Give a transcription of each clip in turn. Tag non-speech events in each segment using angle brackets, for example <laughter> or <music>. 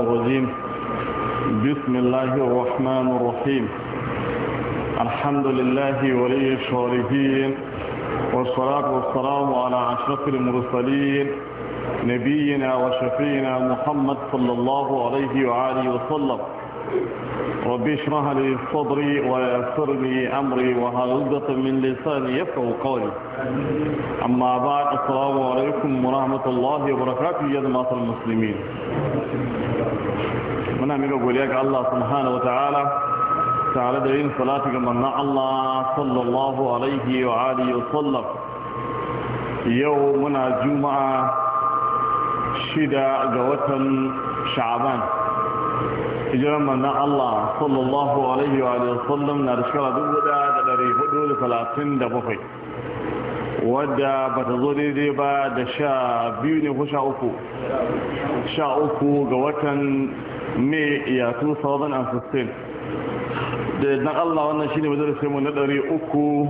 الرجيم بسم الله الرحمن الرحيم الحمد لله ولي الشارفين والصلاة والسلام على أشرف المرسلين نبينا وشفينا محمد صلى الله عليه وآله وسلم ربي اشرح لي صدري ويسر لي امري وهلدة من لساني يفقه قولي اما بعد السلام عليكم ورحمة الله وبركاته يا جماعة المسلمين من امير اقول الله سبحانه وتعالى تعالى دين صلاتك من الله صلى الله عليه وآله وسلم يومنا جمعة شدة جوة شعبان hijiran manzon Allah sallallahu alaihi wa sallam na da shekara dubu ɗaya da ɗari hudu da talatin da bakwai wadda ba ta zo daidai ba da sha biyu ne ko sha uku sha uku ga watan mai iya 2016 da idan Allah wannan shi shine majalisa mu na ɗari uku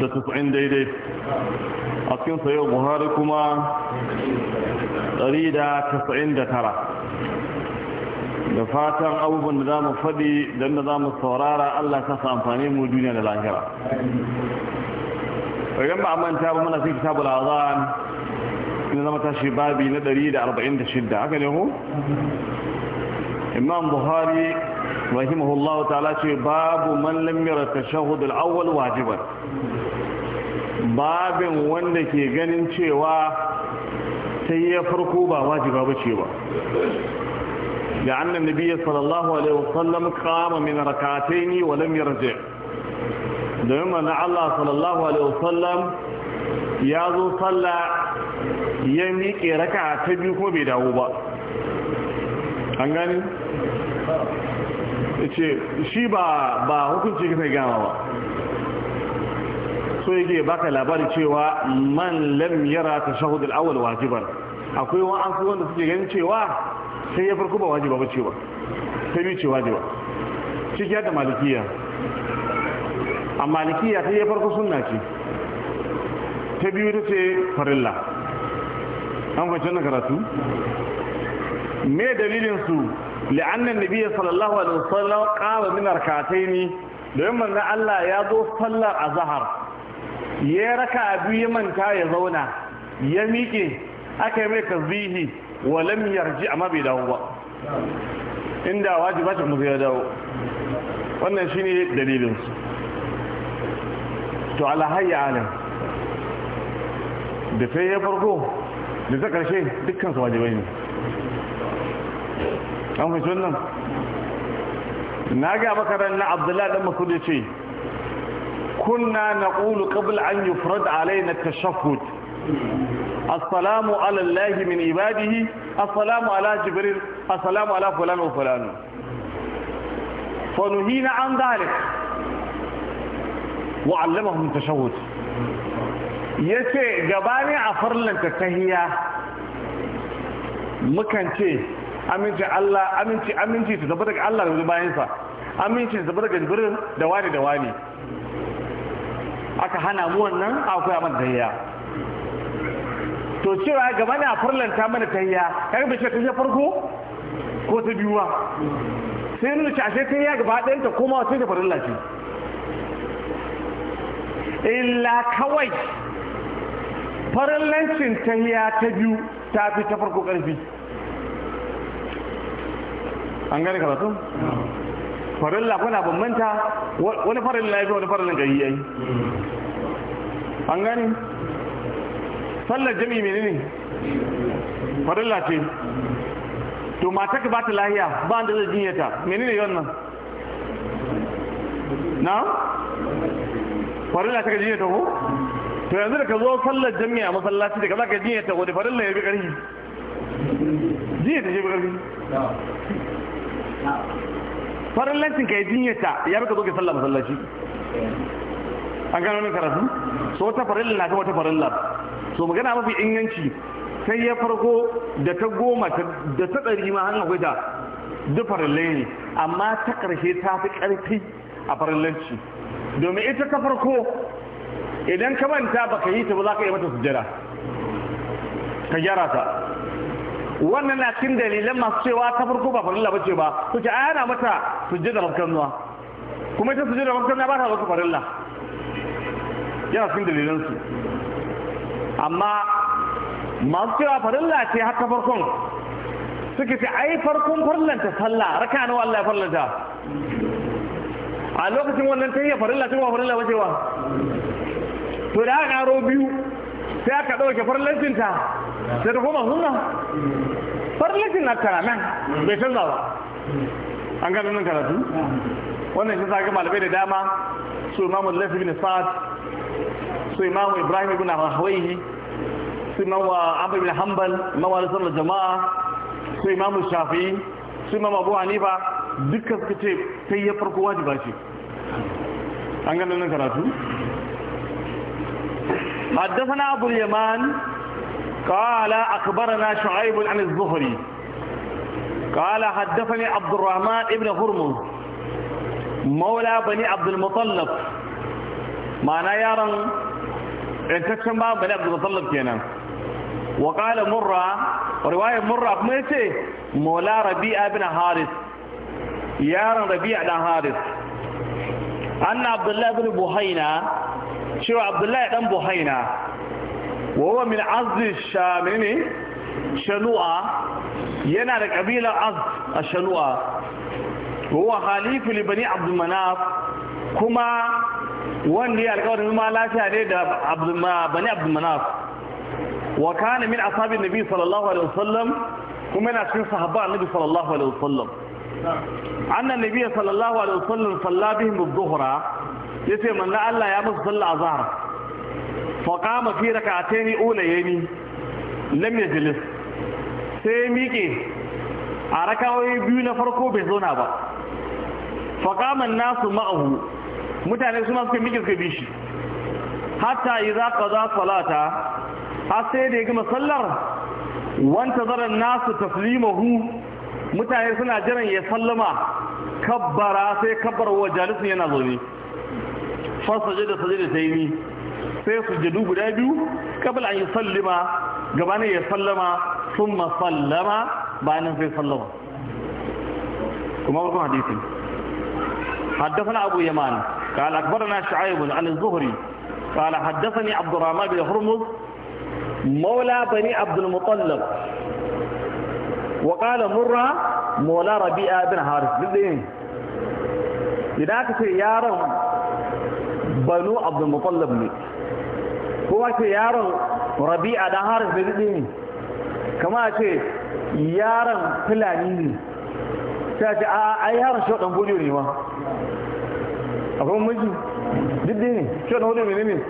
da tasa'in daidai a cikin sayo buhari kuma ɗari da tasa'in da tara da fatan abubuwan da za mu faɗi don da za mu saurara Allah ka sa amfani mu duniya da lahira idan ba a manta ba muna cikin kitabul azan ina zama tashi babi na 146 haka ne ku? imam buhari rahimahullahu ta'ala ce babu man lam yara tashahhud al-awwal wajiban babin wanda ke ganin cewa sai ya farko ba wajiba bace ba لأن النبي صلى الله عليه وسلم قام من ركعتين ولم يرجع دائما أن الله صلى الله عليه وسلم يازو صلى يميك ركعة تبيكم بدعوبة أنغاني ce shi ba ba hukunci kai gama ba so yake baka labari cewa man lam yara tashahud al-awwal wajiban akwai su wanda suke ganin cewa sai ya farko ba wajiba ba ba ta biyu ce wajiba shi ya da malikiya a malikiya ta ya farko sunna ce ta biyu ta ce farilla an fahimci na karatu me dalilin su la'annan nabiyyi sallallahu alaihi wasallam qala min Da don manzo Allah ya zo sallar azhar ya raka abu biyu manta ya zauna ya miƙe aka yi mai tasbihi walam yarji amma bai dawo ba inda ta mu ya dawo wannan shine dalilin su to ala hayya alam da sai ya farko da ta karshe dukkan su wajibai ne an fi sunan na ga makarar na abdullahi dan masu da ce kunna na ƙulu ƙabil an yi furad alai na tashafut assalamu ala allahi min ibadihi assalamu ala jibril assalamu ala fulan wa fulan fa nuhina an dhalik yace gabani a farlanta tahiya mukan ce aminci Allah aminci aminci ta zaba daga Allah da bayan sa aminci ta zaba daga da wani da wani aka hana mu wannan akwai amma tahiya to cewa gaba na furlanta mana tayya kaga bai ce ta farko ko ta biyu sai nuna ce ashe tayya gaba ɗayan ta koma wata da farin lafi illa kawai farillancin tayya ta biyu ta fi ta farko ƙarfi an gane karatu lafi na bambanta wani farin lafi wani farin gari yayi an gane sallar jami'i menene farilla ce to mata ka bata lahiya ba da zai ta menene yawan nan na farilla ta ka ta ko to yanzu da ka zo sallar jami'i a masallaci da ka za ka jinyata wani farilla ya bi ƙarfi ta ce bi ƙarfi farillancin ka yi ta ya bi ka zo ka sallar masallaci an gano min karatu so wata farilla na ta wata farilla so magana mafi inganci sai ya farko da ta goma da ta ɗari ma hannun akwai ta duk ne amma ta ƙarshe ta fi ƙarfi a farillanci domin ita ta farko idan ka manta ba ka yi ta ba za ka yi mata sujjada ka gyara ta wannan na cikin dalilan masu cewa ta farko ba farilla ce ba su ke ana mata sujjada rafkanuwa kuma ita sujjada rafkanuwa ba ta zo farilla yana cikin dalilansu amma masu cewa farilla ce haka farkon suke ce ai farkon farlanta sallah raka nawa Allah ya farlanta a lokacin wannan ta yi farilla ce farilla wace wa to da aka karo biyu sai aka ɗauke farlancinta sai ta koma sunna farlancin na karamen bai canza ba an gano nan karatu wannan shi zaga malamai da dama su imamu lafi bin sa'ad su imamu ibrahim ibn hawaihi su imamu abu bin hanbal imamu alisar jama'a su imamu shafi'i su imamu abu hanifa dukkan suka ce sai ya farko wajiba ce an gano nan karatu حدثنا أبو اليمان قال أخبرنا شعيب عن الزهري قال حدثني عبد الرحمن ابن هرمز maula bani abdulmutallaf ma'ana yaron ɗantaccen ba bani abdulmutallaf kenan wa ƙala murra riwayar murra kuma ya ce maula rabi'a bin haris yaron rabi'a dan haris anna abdullahi bin buhaina cewa abdullahi dan buhaina wa huwa min azzi shamini shanu'a yana da kabilar az a shanu'a to wa khalifu li bani abdul manaf kuma wanda ya alƙawarin ma lafiya ne da bani abdul manaf wa kana min ashabin nabi sallallahu alaihi wasallam kuma yana cikin sahaba annabi sallallahu alaihi wasallam annan nabi sallallahu alaihi wasallam salla bihim dhuhra yace manzo Allah ya musu sallah azhar fa qama fi rak'atayn ulayni lam yajlis sai miƙe a rakawoyi biyu na farko bai zauna ba faƙaman nasu ma'ahu mutane suna suka miƙe suka bi shi hatta yi za ka za salata har sai da ya gama sallar wanta zaran nasu taslimahu mutane suna jiran ya sallama kabbara sai kabbar wa jalisun yana zaune fasa jada da ta yi sai sujjadu guda biyu kabla an yi sallama gabanin ya sallama sun masallama bayanin sai sallama kuma wakon hadisin حدثنا أبو يمان قال أكبرنا شعيب عن الزهري قال حدثني عبد الرحمن بن هرمز مولى بني عبد المطلب وقال مرة مولى ربيعة بن حارث بالدين لذلك يارا بنو عبد المطلب لي هو يارا ربيعة بن حارث بالدين كما ce yaran fulani ne ta ce a yaran shi waɗanda gudu ne ma akwai mulki duk ne shi wani hudu menene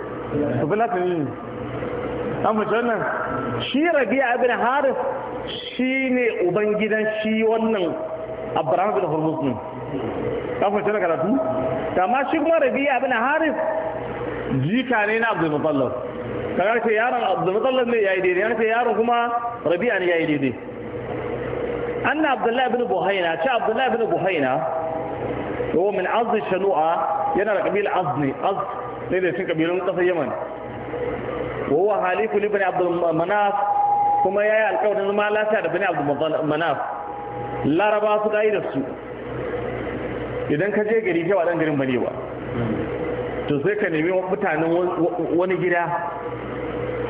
to bi latin ne an mace wannan shi a ibn haris shi ne uban gidan shi wannan abraham bin hormuz ne an mace na karatu amma shi kuma a ibn haris jika ne na abdul mutallab kaga ce yaron abdul mutallab ne yayi daidai an ce yaron kuma rabi'a ne yayi daidai anna abdullahi ibn buhaina ce abdullahi ibn buhaina wa min azzi shanu'a yana da kabilar azni az ne da cikin kabilun kasar yaman wa huwa halifu li bani abdul manaf kuma yayi alƙawarin zama lafiya da bani abdul manaf laraba su kai da su idan ka je gari kai wadan garin bane ba to sai ka nemi mutanen wani gida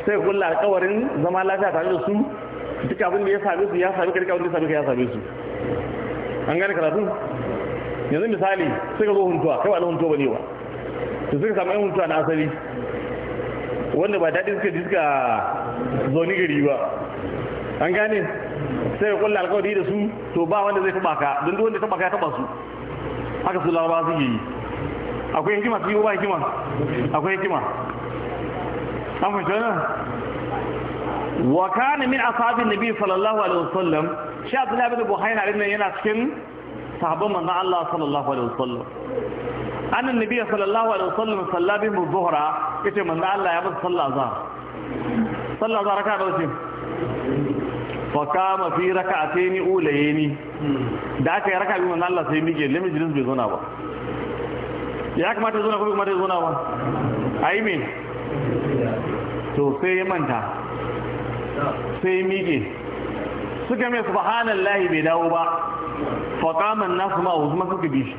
sai kulla alƙawarin zama lafiya tare da su duk abin da ya same su ya same ka duk da ya same ka ya same su an gani karatu yanzu misali suka zo huntuwa kai ba na huntuwa bane ba to suka samu yan huntuwa na asali wanda ba daɗi suka ji suka ni gari ba an gane sai ya kulla alkawari da su to ba wanda zai taba ka don wanda taba ka ya taba su haka su larabawa suke yi akwai hikima su yi ba hikima akwai hikima an fahimci wannan wa kana min asabi nabi sallallahu alaihi wasallam shi abdullahi bin buhari na yana cikin sahabban manzon Allah sallallahu alaihi wasallam annan nabi sallallahu alaihi wasallam salla bi zuhra yace manzon Allah ya musu sallah za sallah za raka'a da wace fa kama fi raka'ataini ulayni da aka yi raka'a bi manzon Allah sai mige limi jinin bai zauna ba ya kamata zauna ko bai kamata zauna ba ai me to sai ya manta sai mige suka mai subhanallahi bai dawo ba faƙaman nasu ma'ahu kuma suka bi shi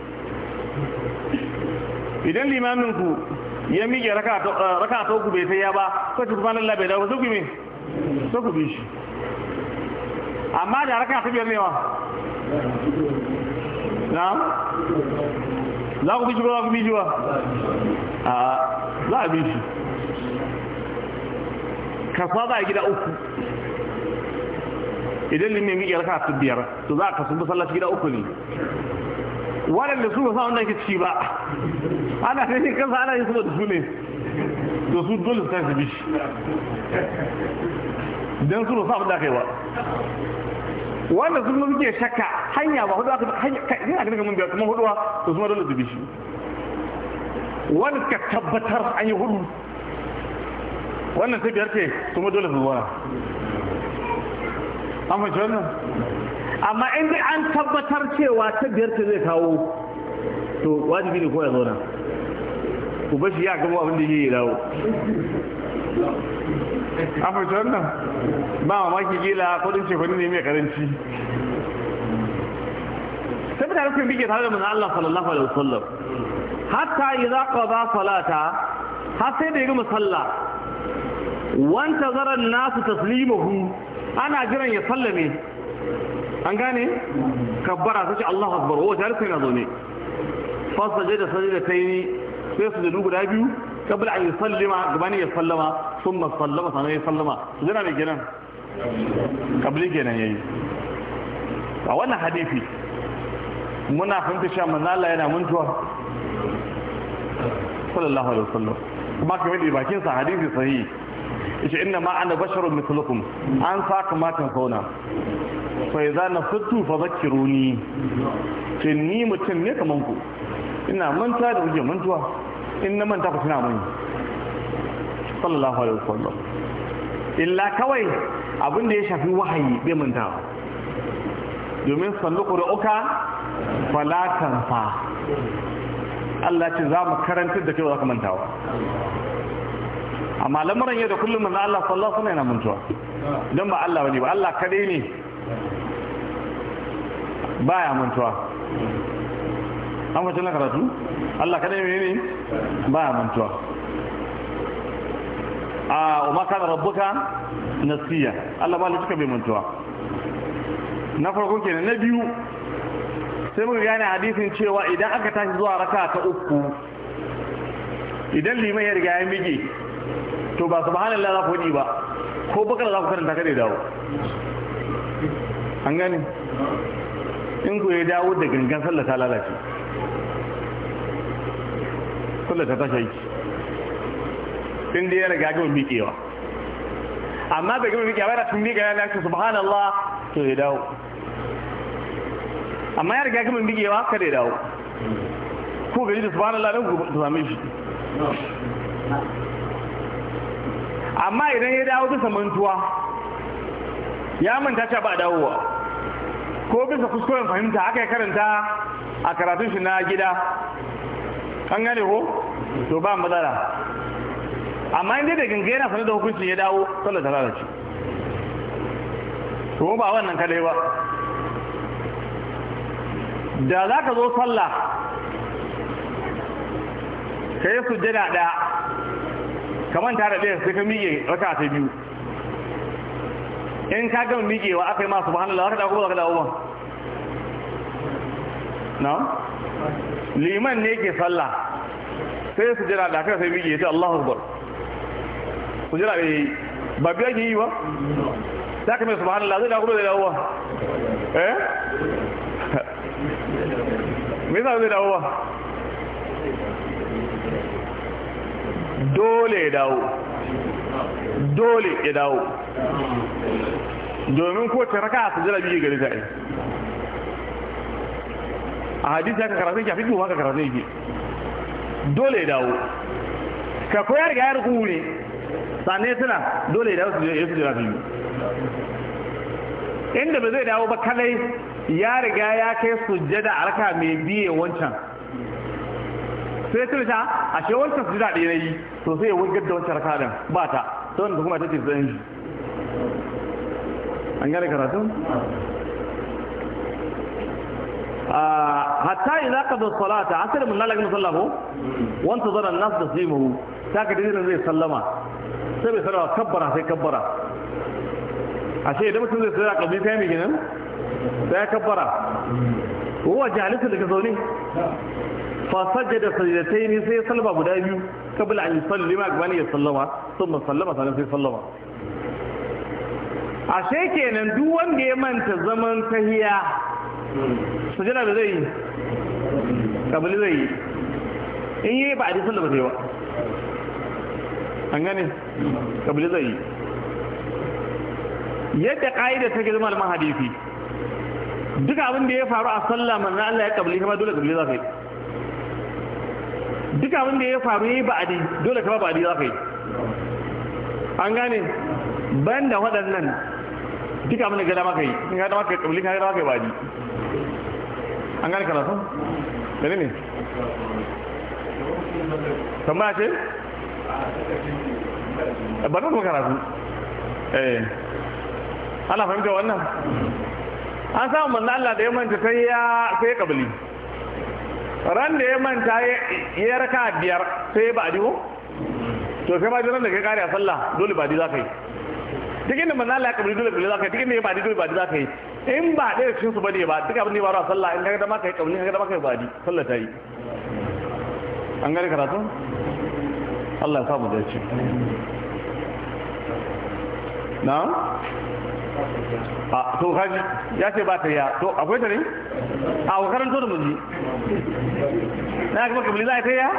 idan limamin ku ya miƙe raka ta uku bai sai ya ba ko kuma Allah bai dawo sai ku me bi shi amma da raka ta biyar newa wa na za ku bi shi ba za ku bi shi ba za a bi shi ka saba gida uku idan limin miƙe k'a su biyar to za ka sun masallaci gida uku ne waɗanda su ba sa wannan kici ba ana ta yi kansa ana yi su da su ne to su dole su kansu bishi don su ba sa abin da aka yi ba wanda sun suke shakka hanya ba hudu aka hanya yana ganin kamar biyar kuma huduwa to su ma dole su bishi wanda suka tabbatar an yi hudu wannan sai biyar ce kuma dole su zuwa amma wannan amma inda an tabbatar cewa ta biyar ta zai kawo to wajibi ne ko ya zauna ku bashi ya gaba abin da ya dawo amma fahimci wannan ba mamaki gila kudin cefani ne mai karanci sai da rufin bige tare da manzon Allah sallallahu alaihi wasallam hatta idza qada salata har sai da ya gama sallah wanta zaran nasu taslimahu ana jiran ya sallame an gane kabbara sai Allahu akbar wa tare sai na zo ne fa sajada sajada tayni sai su dubu guda biyu kabla an sallama, gabanin ya sallama thumma sallama sai ya sallama jira ne kenan kabli kenan yayi a wannan hadisi muna fahimta cewa manzo Allah yana muntuwa sallallahu alaihi wasallam kuma kamar da bakin sa hadisi sahihi yace inna ma ana basharun mithlukum an sa kamatan fauna sai fa idza nafattu fadhakkiruni ce ni mutum ne kaman ku ina manta da kuke mantuwa in na manta ku tana mani sallallahu alaihi wasallam illa kawai abin da ya shafi wahayi bai manta domin sanduku da uka falatan fa Allah ce za mu karantar da kai ba za ka mantawa amma lamarin yau da kullum manzo Allah sallallahu alaihi wasallam yana mutuwa dan ba Allah bane ba Allah kadai ne baya mutuwa an wata na karatu Allah kadai ne ne baya mutuwa a umma kana rabbuka nasiya Allah ba lituka bai mutuwa na farko kenan na biyu sai muka gane hadisin cewa idan aka tashi zuwa raka ta uku idan liman ya riga ya mige to ba subhanallah za ku faɗi ba ko bakar za ku karanta kada ya dawo an gani. in ku ya dawo da gangan sallata lalace sallata ta tashi aiki dai ya riga gama miƙewa amma bai gama miƙewa yana tun miƙa yana su subhanallah to ya dawo amma ya riga gama miƙewa kada ya dawo ko gaji da subhanallah don ku same shi amma idan ya dawo bisa mantuwa ya manta ta ba dawowa ko bisa kuskuren fahimta aka yi karanta a karatun shi na gida an gane ko to ba matsala amma inda da ganga yana sanar da hukuncin ya dawo sallar ta lalace to ba wannan kadai ba da za ka zo sallah ka yi sujjada ɗaya ka manta da ɗaya sai ka miƙe raka ta biyu in ka gama miƙewa aka yi masu bahanar lawar da kuma zaka dawo ba na liman ne ke sallah sai su jira da aka sai miƙe ta Allahu akbar su jira da eh, yi ba biya ke yi ba ta kame su bahanar lawar da kuma zai dawo ba eh <laughs> me yasa zai dawo ba dole ya dawo dole ya dawo domin ko ta raka a jira biyu gari ta yi a hadisi haka karatu ki a fiƙi ka karatu yake dole ya dawo ka koya ga yar kuhu ne sannan suna dole ya dawo su jira biyu inda ba zai dawo ba kalai ya riga ya kai sujjada a mai biye wancan sai ya tuna a ce wancan su daɗe na yi to sai ya wajen da wancan raka ɗin ba ta ta wanda kuma ta ce zan yi an gane karatun hatta ka zo salata asar min lalaka musallahu wa intazara an-nas mahu ta ka dina zai sallama sai bai sarawa kabbara sai kabbara a ce idan mutum zai tsaya kabli sai mai ginin sai kabbara wa jalisu daga zaune fa sajjada sajdatayn sai sallama guda biyu kabla an yusallima gabani ya sallama sun sallama sannan sai sallama ashe kenan duk wanda ya manta zaman tahiya sujada da zai yi kabili zai yi in yi ba a ji sallama ba an gane kabili zai yi yadda ka'ida ta girma malaman hadisi duka abin da ya faru a sallah manzo Allah ya kabli kuma dole kabli za ka yi duka abin da ya faru yayi ba'adi dole kuma ba'adi za ka yi an gane ban da waɗannan duka abin da ga dama kai in ga dama kai kabli ka ga dama kai ba'adi an gane karatu mene ne tambaya ce ba ta kuma karatu eh ana fahimta wannan an samu manzo Allah da ya manta sai ya sai kabili ran da ya manta ya raka biyar sai ba adiwo to sai ma ran da kai kare a sallah dole ba di za ka yi cikin da manzo Allah ya kabili dole kabili za ka yi cikin da ya ba di dole ba di za ka yi in ba ɗaya cikin su bane ba duk abin da ya baro a sallah in kaga da maka yi kabili kaga da maka yi ba di sallah ta yi an gane karatu Allah ya samu dace na a to kaji ya ce ba ta ya to akwai ta ne a to da muzi na kuma kamar za a ta ya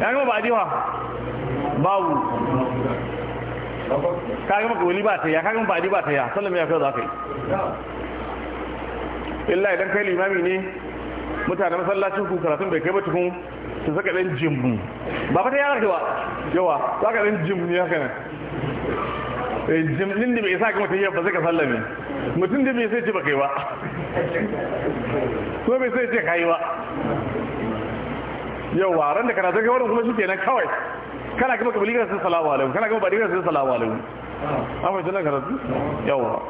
ya gama ba a jiwa babu ka gama kabili ba ta ya ka ba a ji ba ta ya sannan mai yafiya za ka yi illa idan kai limami ne mutane masallacin ku karatun bai kai ba tukun su saka ɗan jimbu ba fata yara yawa yawa saka ɗan jimbu ne haka nan jimlin da bai sa ka mutum ba sai ka sallame mutum da bai sai ce ba kai ba ko bai sai ce kai ba yawa ran da karatu kai wannan kuma shi kenan kawai kana kuma ka baligar sun salamu alaikum kana kuma baligar sun salamu alaikum an fahimta nan karatu yawa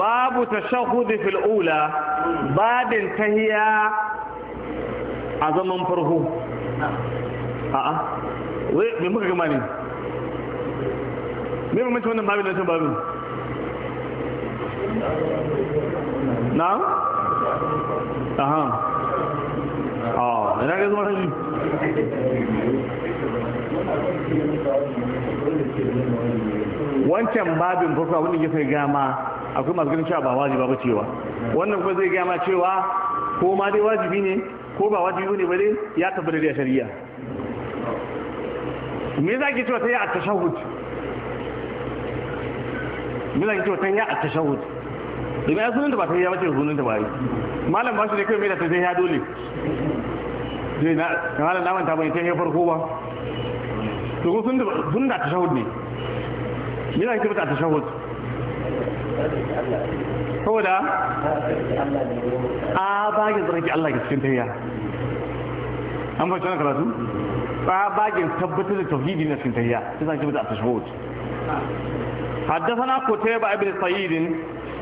babu tashahhud fil ula badin tahiya a zaman farko a'a wai me muka gama ne me mamaci wannan babin wancan babin na aha a ah, ina ga wancan babin farko wani ya ya gama akwai masu ganin cewa ba wajiba ba cewa wannan kuma zai gama cewa ko ma dai wajibi ne ko ba wajibi ne ba ya tabbata da shari'a me za ki cewa ta yi a tashahud bila yin cewa tanya a tashahud domin ya sunan da ba ta yi bace sunan da ba yi malam ba shi da kai mai da ta ya dole zai na malam na manta bai ta yi farko ba to ko sun da tashahud ne bila yin cewa ta tashahud saboda a bagin tsarki Allah ke cikin tafiya an fahimci wani karatu a bagin tabbatar da tauhidi na cikin tafiya ta zaki mutu a tashahud حدثنا قتيبة بن سعيد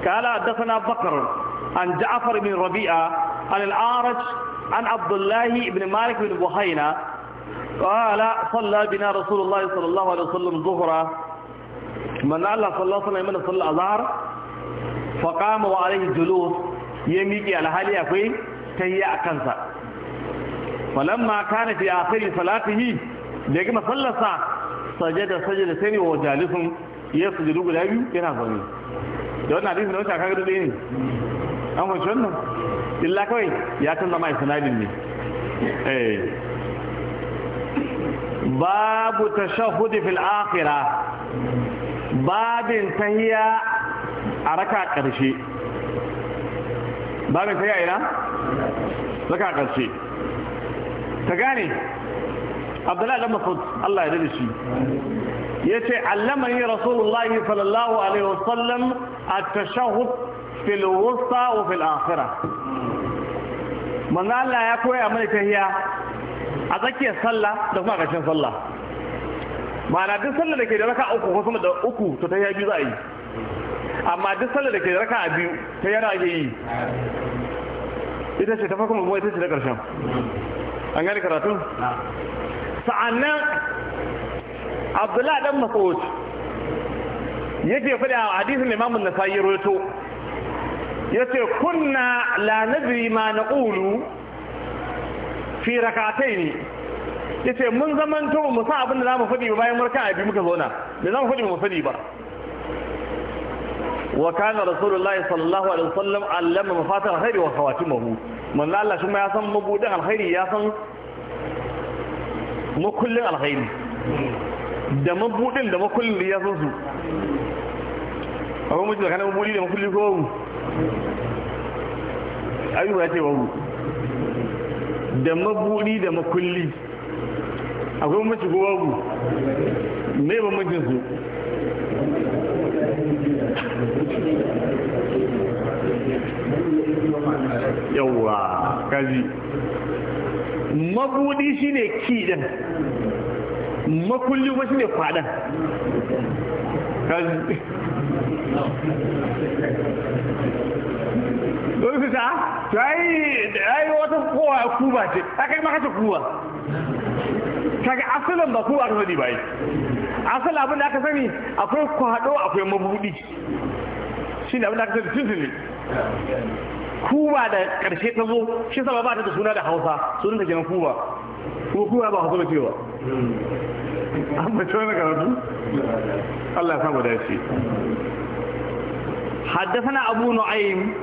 قال حدثنا بكر عن جعفر بن ربيعة عن الأعرج عن عبد الله بن مالك بن بحينة قال صلى بنا رسول الله صلى الله عليه وسلم ظهرا من الله صلى الله عليه وسلم صلى الظهر فقام وعليه الجلوس يميكي على حالي أخي تهي أكنسا فلما كان في آخر صلاته لكن صلى سجد سجد سني وجالسهم ya sujudu guda biyu yana zaune da wannan hadisi na wata kaga dai ne an kwanci wannan illa kawai ya zama a sanadin ne eh babu tashahhudi fil akhirah babin tahiya a raka karshe babin tahiya ina raka karshe ta gane abdullahi dan masud Allah ya dade shi Ya ce allamani rasulullahi sallallahu alaihi wasallam at-tashahhud fil wusta wa fil akhirah manzo Allah ya koya mana tahiya a tsakiyar sallah da kuma ƙarshen sallah ma'ana duk sallar da ke da raka uku ko sama da uku to tahiya biyu za a yi amma duk sallar da ke da raka biyu ta yana ake yi ita ce ta farko kuma ita ce ta karshen. an gani karatu sa'annan abdullah dan mas'ud yake faɗi a hadisin imamu nasa'i rawaito yace kunna la nadri ma naqulu fi rak'atayn ce mun zaman to mu sa abin da za mu faɗi ba bayan a biyu muka zauna da zamu faɗi mu faɗi ba wa kana rasulullahi sallallahu alaihi wasallam allama mafatih alkhairi wa khawatimahu manzo Allah shi ma ya san mabudin alkhairi ya san mukullin alkhairi da mabudin da makulli ya san su akwai mutum tsakanin mabudi da makulli ko wawu ayyuka ya ce wawu da mabudi da makulli akwai mutum ko wawu me ba mutum su yawwa kaji mabudi shine kidan makulli kuma shine kwaɗan don su sa to ai wata kowa kuba ce ta kai maka ta kuba kaga asalin ba kuba aka sani ba yi asalin abin da aka sani akwai kwado akwai mabudi shi ne abin da aka sani tun ne kuba da karshe ta zo shi sababa ba ta da suna da hausa sunan ta kenan kuba ko kuma ba hazo cewa hmm. an bace الله karatu Allah ya حدثنا أبو نعيم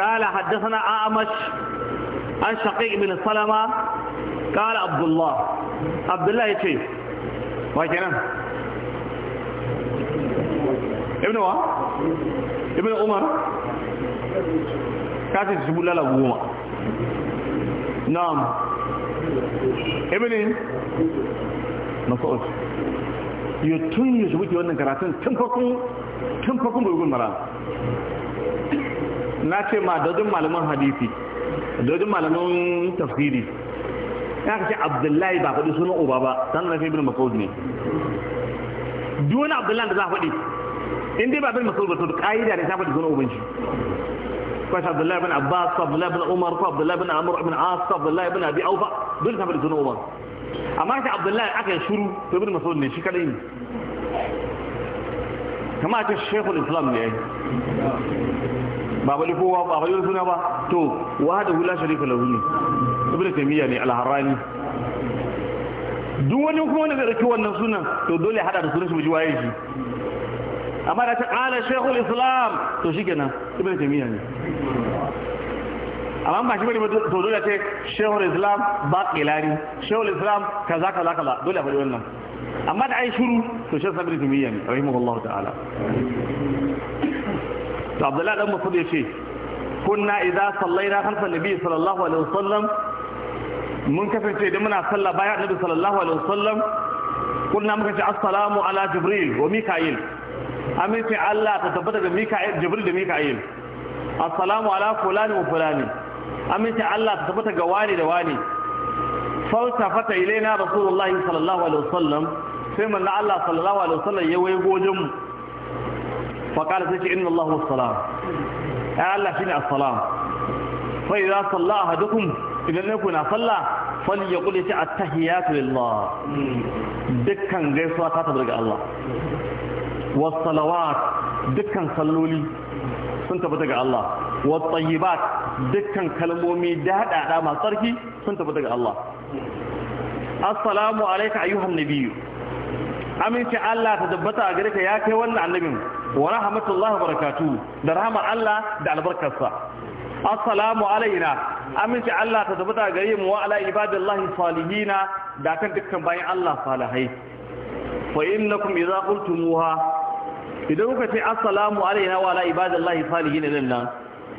قال حدثنا أعمش عن شقيق بن سلمة قال عبد الله عبد الله كيف وكنا ابن وا ابن عمر كاتب سبول الله نعم ibn mas'ud yo tun yi su wuce wannan karatun tun farkon tun farkon gurgun mara na ce ma dajin malaman hadithi dajin malaman tafsiri ya kace abdullahi ba faɗi sunan uba ba sanan na fi ibn mas'ud ne duk wani abdullahi da za a faɗi inda dai ba ibn mas'ud ba to ka'ida ne ta faɗi sunan uban shi kwashi abdullahi bin abbas ko abdullahi bin umar ko abdullahi bin amur bin as ko abdullahi bin abi aufa dole ta faɗi sunan umar amma shi abdullahi aka yi shuru to ibn mas'ud ne shi kadai ne kama ta shekul islam ne ba bali kowa ba bali suna ba to wahada hula sharika lahu ne ibn taymiya ne al-harrani duk wani kuma wanda zai dauki wannan sunan to dole hada da sunan shi mu ji waye shi amma da ta kala shekul islam to shi kenan ibn taymiya ne amma ba shi bane to dole ce shekul islam ba kilari shekul islam kaza kaza kaza dole ba faɗi wannan amma da ai shuru to shekul sabri taymiya ne rahimahullahu ta'ala to abdullahi dan masud ya ce kunna idza sallaina khalfan nabi sallallahu alaihi wasallam mun kasance da muna sallah bayan annabi sallallahu alaihi wasallam kunna muka ce assalamu ala jibril wa mika'il amincin Allah ta tabbata da Mika'il Jibril da Mika'il assalamu ala fulani wa fulani amincin Allah ta tabbata ga wani da wani falsafata ilaina rasulullahi sallallahu alaihi wasallam sai manzo Allah sallallahu alaihi wasallam ya waye gojin mu fa qala sai inna Allahu wassalam ya Allah shine assalam fa idza salla ahadukum idan ne kuna salla falyaqul ta attahiyatu lillah dukkan gaisuwa ta tabbata ga Allah was dukkan salloli sun tabbata ga Allah was dukkan kalmomi daɗaɗa masu tsarki sun tabbata ga Allah assalamu alayka ayyuhan nabiyyu aminci Allah ta tabbata a gare ka ya kai wannan annabin wa rahmatullahi barakatu da rahmar Allah da albarkarsa assalamu alaina aminci Allah ta tabbata gare mu wa ala ibadillahi salihina da kan dukkan bayan Allah salihai fa innakum idza qultumuha idan kuka ce assalamu alaina wa ala ibadallahi salihin nan nan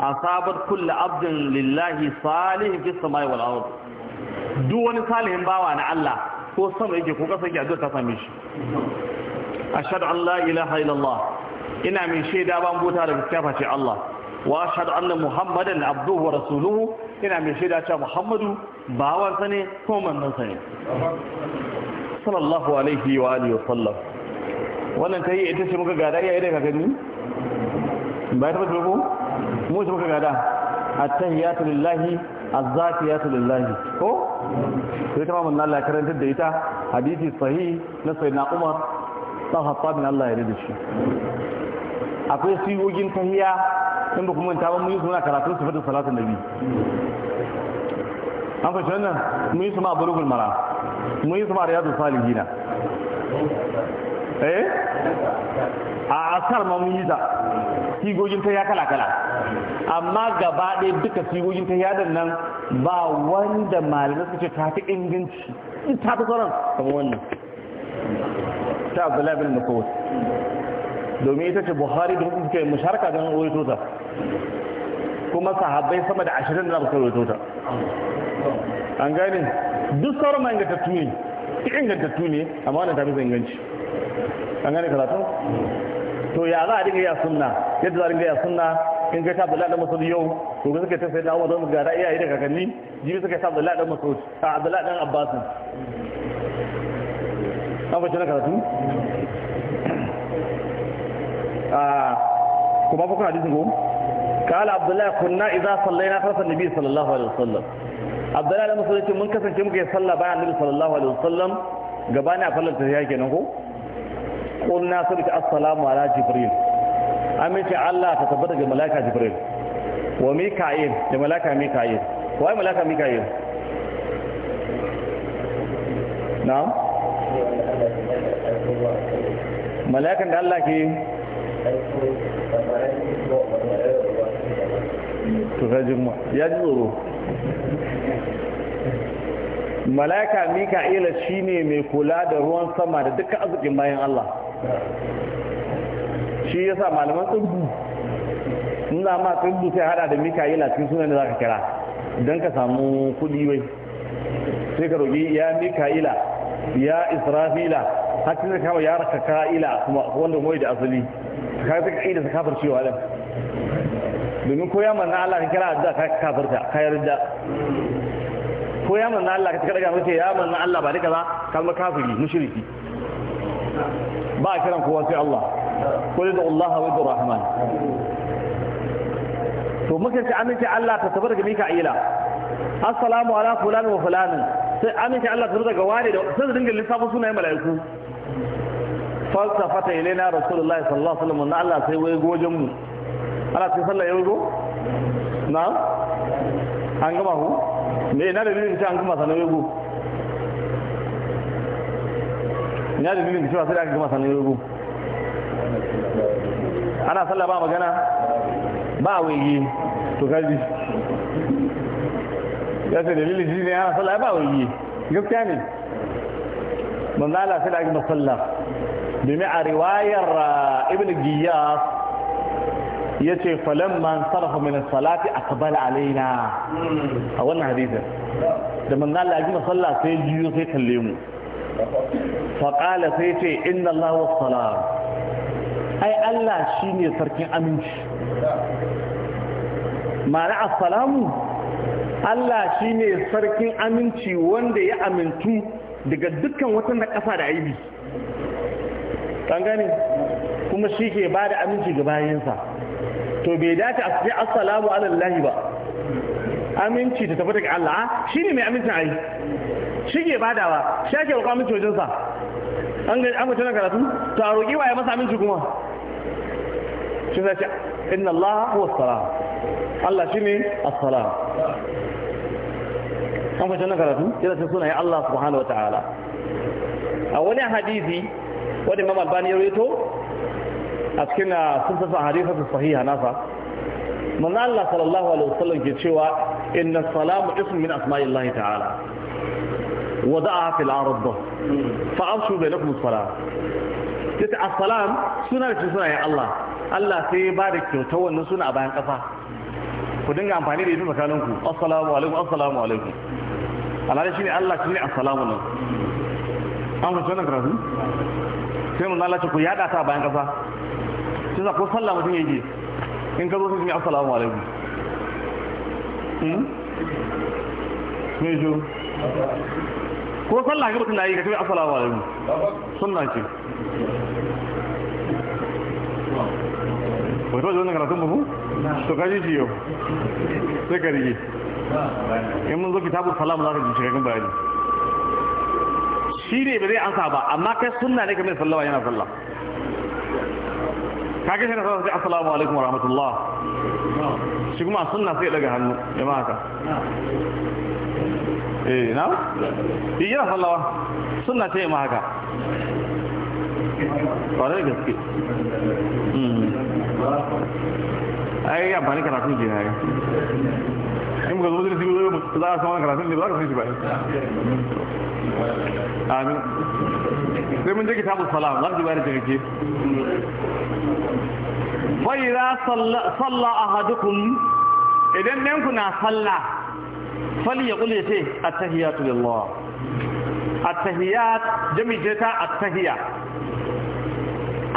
asabat kullu abdin lillahi salihin fis samai wal ard duk wani salihin bawa na Allah ko sama yake ko kasa yake addu'a ta same shi ashhadu an la ilaha illallah ina min shaida ban buta da gaskiya face Allah wa ashhadu anna muhammadan abduhu wa rasuluhu ina mai shaida cewa muhammadu bawansa ne ko manzansa ne sallallahu alaihi wa alihi wa sallam wannan ta yi ita ce muka gada iya idan kakanni ba ta fata ko mu ce muka gada a a za lillahi ya zakiyatu lillahi ko sai ta mamun Allah karantar da ita hadisi sahi na na Umar ta hafa bin Allah ya rida shi akwai siyogin tahiya in ba kuma ta ba mun yi suna karatu su fadin salatu nabi an fashe wannan mun yi su ma a bulugul mara mun yi su ma a riyadu salihina eh a asar ma mun yi ta sigogin ta ya kala kala amma gaba ɗaya duka sigogin ta yadan nan ba wanda malamai suke ce ta fi inganci ta fi sauran kamar wannan ta abdullahi da kowace domin ita ce buhari da suka musharka don wani tota kuma sahabbai sama da ashirin da suka wani ta an gani, duk sauran ma ingantattu ne ingantattu ne amma wannan ta fi inganci an gane karatu to ya za a dinga yi sunna yadda za a dinga yi sunna in ka tabbata Abdullahi dan Mas'ud yau to ga suka tafi da Umar don ga ra'iya idan kakanni jibi suka tabbata Abdullahi masu Mas'ud a Abdullahi dan Abbas an bace na karatu ah, a kuma fa kuna hadisin ko قال عبد الله كنا اذا صلينا خلف النبي صلى الله عليه وسلم عبد الله mun صليت من كسance muke sallah bayan nabi sallallahu alaihi wasallam gabani a fallar ta yake nan ko na sabika assalamu ala jibril amince Allah ta tabbata ga malaka jibril wa mika'il da malaika mika'il wa ai malaika mika'il na malakan da Allah ke to ya ji tsoro malaka mika'ila shine mai kula da ruwan sama da duka arzikin bayan Allah shi sa malaman tsibbu za ma tsibbu sai hada da mikayila cikin sunan da ka kira don ka samu kudi wai sai ka roƙi ya Mikaela, ya israfila har sai kawai ya raka ka'ila kuma wanda mai da asali ka suka ka'ida ta kafar cewa dan domin ko ya manna Allah ka kira da ka kafarta ka yarda ko ya manna Allah ka kada ga mace ya manna Allah ba duka kaza kalma kafiri mushriki ba a kiran kowa sai Allah ko da Allah wa da Rahman to muka ce aminci Allah ta tabbata ga Mika'ila assalamu ala fulan wa fulanin sai aminci Allah ta daga wani da sai dinga lissafin sunayen mala'iku falsafata ilaina rasulullahi sallallahu alaihi wasallam Allah sai waye gojen mu Allah sai sallah yau go na an gama ku me ina da dalilin ta an gama sanan waye go ina da bibin cewa sai da aka gama sannan rubu ana sallah ba magana ba wege to kaji ya ce dalilin shi ne ana sallah ba wege gaskiya ne manzo Allah sai da aka gama sallah domin a riwayar uh, ibn giyas ya ce falamman sarrafa min salati aqbala alaina a wannan hadisin da manzo Allah ya gama sallah sai jiyo sai kalle mu faƙala sai ce inna Allah wassalam ai Allah shi ne sarkin aminci ma'ana assalamu Allah shi ne sarkin aminci wanda ya amintu daga dukkan watan da ƙasa da aibi ɗan gane kuma shi ke ba da aminci ga bayansa to bai dace a sai assalamu alallahi ba aminci da tafi daga Allah ah, shi ne mai amincin aiki. shi ke badawa shi ake roƙa min wajensa an ga an mutuna karatu to a roƙi waye masa min kuma shi sai ce inna Allah huwa salam Allah shine as-salam an mutuna karatu yana cikin sunayen Allah subhanahu wataala a wani hadisi wanda Imam Albani ya rawaito a cikin sunsafa hadisi sahiha nasa manzo Allah sallallahu alaihi wasallam ke cewa inna salamu ismu min asma'illahi ta'ala wada'aha fil arda fa afshu bainakum as-salam yace as-salam suna da suna ya Allah Allah sai ya bada kyautar suna a bayan kafa ku dinga amfani da ita tsakaninku assalamu alaikum assalamu alaikum alhali shine Allah shine assalamu nan an mutu wannan karatu sai mun lalace ku yada ta bayan kasa sai za ku sallah mutum yake in ka zo sai me jo ko sallah ga mutum na yi ka tafi assalamu alaikum sunna ce ko to wannan karatun ba ku to ka ji jiyo sai ka rige in mun zo kitabu salamu za ka ji cikakken bayani shi ne ba zai ansa ba amma kai sunna ne kamar sallama yana sallah ka ga shi na sallah sai assalamu alaikum wa rahmatullah shi kuma sunna sai daga hannu jama'a ka eh na yi eh, yana sallawa suna ta yi ma haka ƙwarar gaske hmm. ai karatun ke na in ga za a saman karatun ne ka san shi ba amin sai mun je salam ji bayar da kake fa salla ahadukum idan ɗanku na sallah fali ya kule ce attahiyatu lillah attahiyat jami ce ta attahiya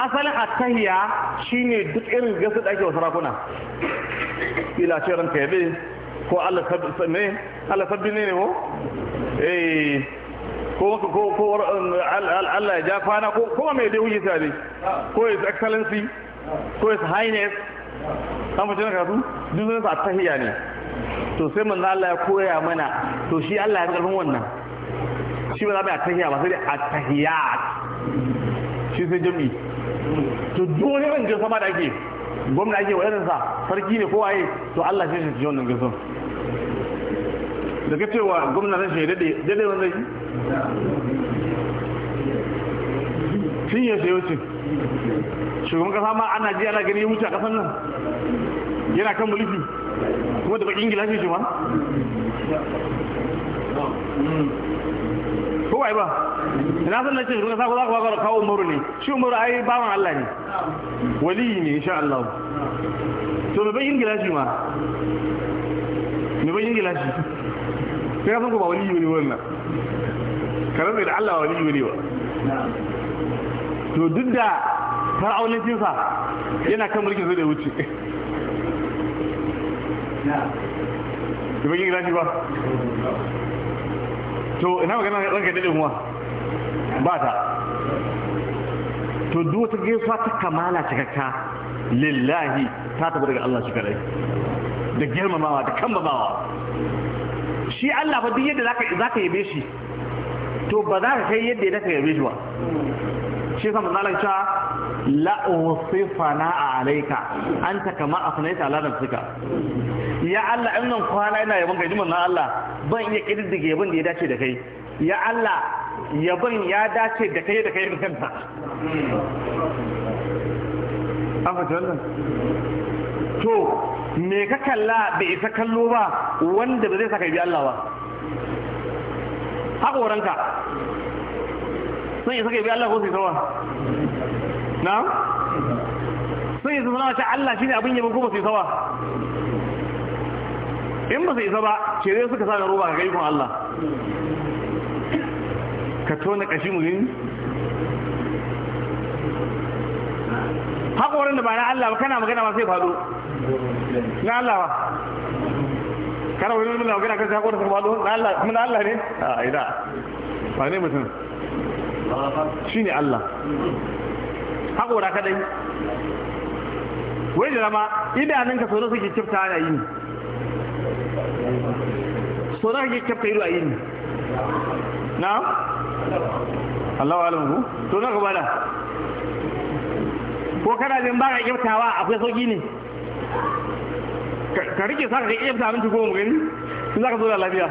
asalin tahiya shine duk irin gasu da ake wa sarakuna ila ce ranka yabe ko Allah sabbi Allah sabbi ne ne ko eh ko ko ko Allah ya ja kwana ko ko mai dai wuce tare ko his excellency ko his highness an mutum su duk ne to sai manzo Allah ya koya mana to shi Allah ya fi karfin wannan shi ba za mu yi attahiya ba sai dai attahiyat shi sai jami to dole ran gaisa sama da ake gwamna ake wa irinsa sarki ne ko waye to Allah shi shi jiyon da daga cewa gwamna ran shi dade dade wanda shi shi ya sayo wuce shugaban kasa ma ana ji ana gani ya wuce a kasan nan yana kan mulki kuma da bakin gilashi shi ma ko ba ina san nace ruka sako zaka ba kawo umaru ne shi umaru ai bawan Allah ne wali ne insha Allah to me bakin gilashi ma me bakin gilashi sai ka san ko ba wali ne wannan karan da Allah wali ne ba to duk da fara'aunin sa yana kan mulkin zai da wuce da bakin gilashi ba to ina magana ranka daɗin wa ba ta to duk wata gaisuwa ta kamala cikakka lillahi ta tabi daga Allah shi kadai da girmamawa da babawa shi Allah fa duk yadda za ka yabe shi to ba za ka kai yadda ya daga yabe shi ba shi sama zalar cewa fana a alaika an ta kama a sunaita ala da suka ya Allah in nan kwana ina yaban gaji nan Allah ban iya kididdige yaban da ya dace da kai ya Allah yaban ya dace da kai da kai da kanta an fata wannan to me ka kalla bai isa kallo ba wanda ba zai saka bi Allah ba haka waranka sun isa ka bi Allah ko sai sawa na sun isa suna wace Allah shine abin yabon ko ba sai sawa in ba su isa ba ke zai suka sa roba ga ikon Allah ka tona kashi mu gani haƙorin da ba na Allah ba kana magana ba sai faɗo na Allah ba kana wani mulmula magana kan sai haƙorin sai faɗo na Allah kuma na Allah ne a ina ba ne mutum shi ne Allah haƙora kadai wai da rama idanunka sau da suke cifta na yi so za ka je kyafta ido a yini na Allahu alam ku to na gaba da ko kana bin ba ka kyaftawa akwai sauki ne ka rike sa ka kyafta abinci goma gani in za ka zo lafiya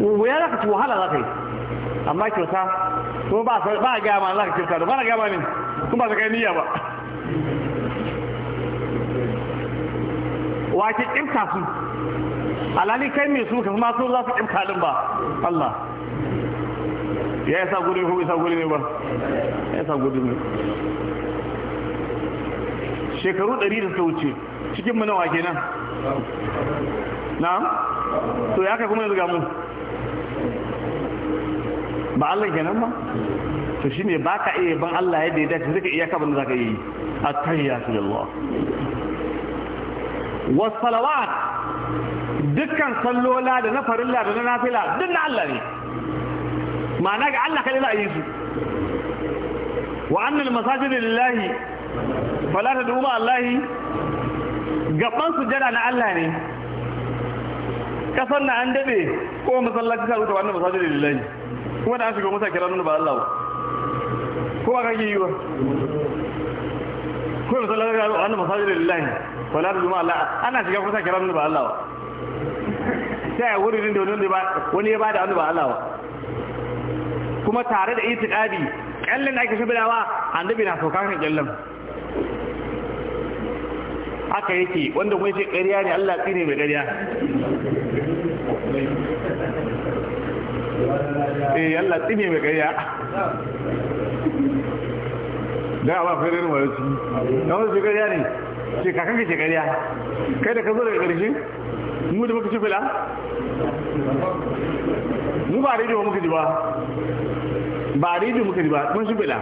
wuya ya ka tuwa wahala za ka yi amma kyauta kuma ba a gaya ma za ka kyauta da ba na gaya ma ne kuma ba ta kai niyya ba wake kimta su alali kai mai su kasu masu za su kimta din ba Allah ya isa gudu ko isa gudu ne ba ya isa gudu ne shekaru ɗari da suka wuce cikin mana wake nan Na to ya kai kuma ya zuga mu ba Allah kenan ba to shine baka iya ban Allah yadda ya dace zaka iya kaban da zaka yi at-tahiyyatu lillah wasalawat dukkan sallola da na farilla da na nafila duk na Allah ne ma'ana ga Allah kadai a yi su wa annal masajid lillahi fala tad'u ma Allahi gaban sujada na Allah ne kasar na an daɗe ko masallaci sa rubuta wannan masajid lillahi kuma da an shiga musa kira nuna ba Allah ko ba kake yi ba ko masallaci sa rubuta wannan masajid lillahi wala da juma'a Allah ana shiga kusa kira wani ba Allah ba sai a wurin da wani ba wani ya bada wani ba Allah ba kuma tare da itiqadi kallon da ake a annabi na sauka kan kallon haka yake wanda kuma yake ƙarya ne Allah tsire mai ƙarya eh Allah tsine mai ƙarya da ba fere ne wani na wasu ƙarya ne ce kakan ka ce kai da ka zo daga ƙarshe mu da muka ci fila mu ba rediyo muka ji ba ba rediyo muka ji ba mun shi fila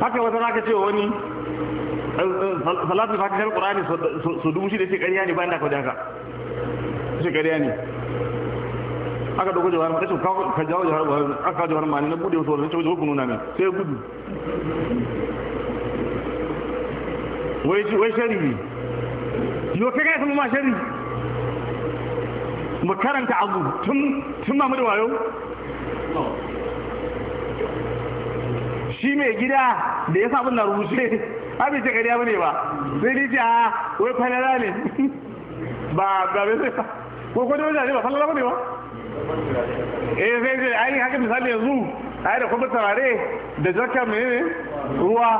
haka wata za ka ce wani salatul fatihar ƙurani su dubu shi da ce kariya ne ba da ka wadaka ce kariya ne aka dogo jawar ma kace ka jawo jawar aka jawar ma ne na bude wasu sai ku nuna ne sai gudu wai wai shari ne yo kai kai ma shari mu karanta abu tun tun mamu da wayo shi mai gida da ya abin na rushe abin ce gariya bane ba sai dai ce a wai falala ne ba ba bai sai ko ko da ne ba falala bane ba eh sai sai ai haka misali yanzu ai da kuma tarare da jaka menene ruwa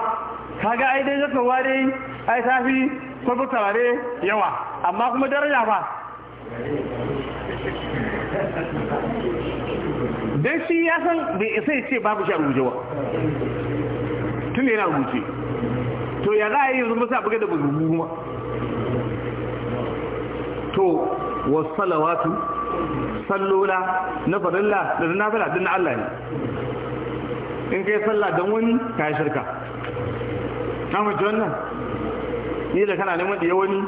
kaga ai dai jaka ruwa dai ai tafi kuma tarare yawa amma kuma daraja fa dan shi ya san bai sai ce babu shi a rubuce ba tun yana rubuce to ya za a yi yanzu musa buga da bugu kuma to wasu salawatu sallola na farilla da na fara din Allah ne in kai sallah don wani ka yi shirka na mace wannan ni da kana neman ɗaya wani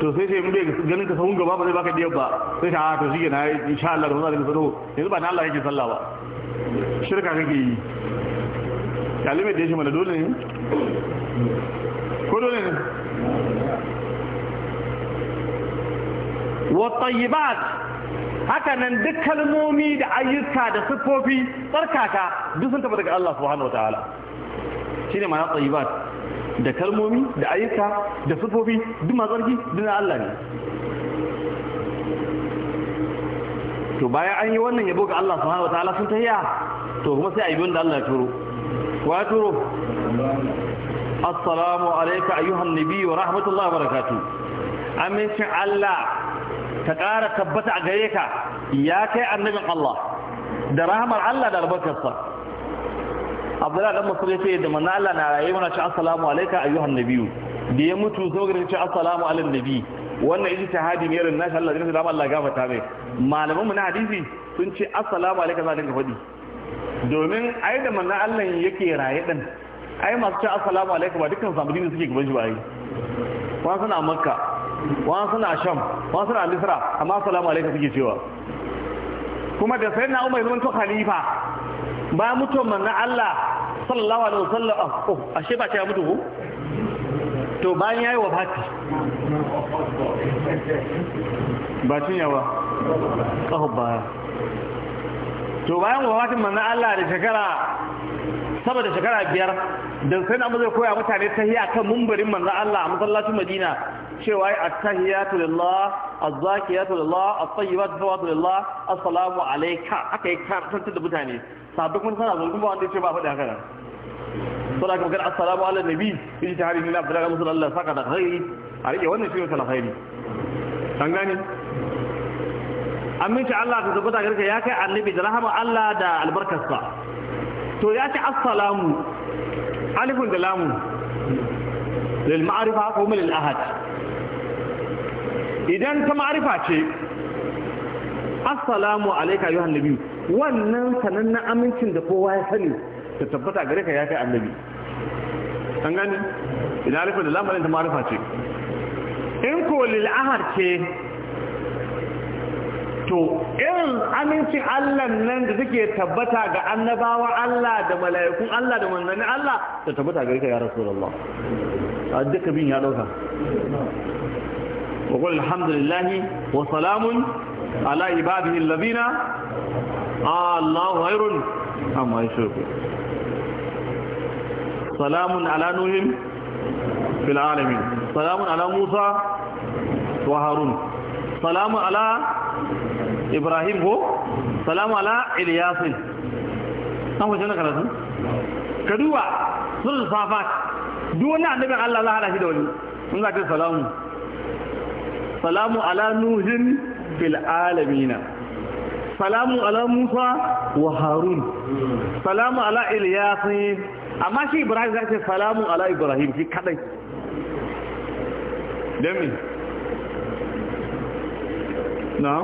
to sai sai bai ganin ka sahun gaba ba zai baka da yabba. sai ka ah, to shi na insha Allah da zai fito yanzu ba na Allah yake sallah ba shirka kake yi kalimar da ya shi mana dole ne ko dole ne والطيبات Hakanan duk kalmomi da ayyuka da siffofi tsarkaka duk sun tabbata daga Allah subhanahu wataala shine ma'ana tsayibat da kalmomi da ayyuka da siffofi duk masu duk na Allah ne to bayan an yi wannan yabo ga Allah subhanahu wataala sun tahiya to kuma sai a yi wanda Allah ya turo wa turo assalamu alayka ayyuhan nabi wa rahmatullahi wa barakatuh amincin Allah Ka ƙara tabbata a gare ka ya kai annabin Allah da rahamar Allah da albarkarsa Abdullahi dan Masud ya ce da manna Allah na raye mana ci assalamu a ayyuhan nabiyyu da ya mutu zo gare ci assalamu alan nabi wannan ita tahadi ne na nashi Allah da dama Allah gafarta mai malaman mu na hadisi sun ce assalamu alaika za dinga faɗi domin ai da manna Allah yake raye din ai masu ci assalamu alaika ba dukkan zamani suke gaban shi ba ai wannan suna makka wa suna sham wa suna misra amma salamu alaikum suke cewa kuma da sayyidina umar zaman to khalifa ba mutu manna Allah sallallahu alaihi wasallam oh ashe ba ta mutu ko to bayan yayi wafati ba yawa kahu ba to bayan wafatin mana Allah da shekara saba da shekara biyar da sai na zai koya mutane ta hiya kan mumbarin manzan Allah a masallacin Madina cewa attahiyatu lillah azzakiyatu lillah at-tayyibatu tawatu lillah assalamu alayka aka yi karantar da mutane sabbin kun sana zuwa kuma wanda ya ce ba faɗi haka nan to da kuma assalamu ala nabi in ta hari ni na fara musu Allah saka da khairi a rike wannan shi ne sala khairi an gane aminci Allah ta tabbata garka ya kai annabi da rahama Allah da albarkarsa to ya ce assalamu alifun da lamun lil ma'rifa ko lil ahad idan ta ma'arifa ce assalamu alaika Yohan nabi wannan sanannen amincin da kowa ya sani ta tabbata gare ka ya fi annabi an gani idan arifa da lamarin ta ma'arifa ce in ko lil'ahar ce to irin amincin Allah nan da take tabbata ga annabawa Allah da mala'ikun Allah da manzanni Allah ta tabbata gare ka ya rasulullah a duka bin ya dauka وقل الحمد لله وسلام على عباده الذين آه الله غير أما يشركون سلام على نوح في العالمين سلام على موسى وهارون سلام على إبراهيم هو سلام على إلياس أما شنو كذا كدوا سل صافات دون النبي الله لا هذا هدول من قال سلام salamu ala nuhin fil alamina salamu ala musa wa harun salamu ala ilyasin amma shi ibrahim za ce salamu ala ibrahim shi kadai dami na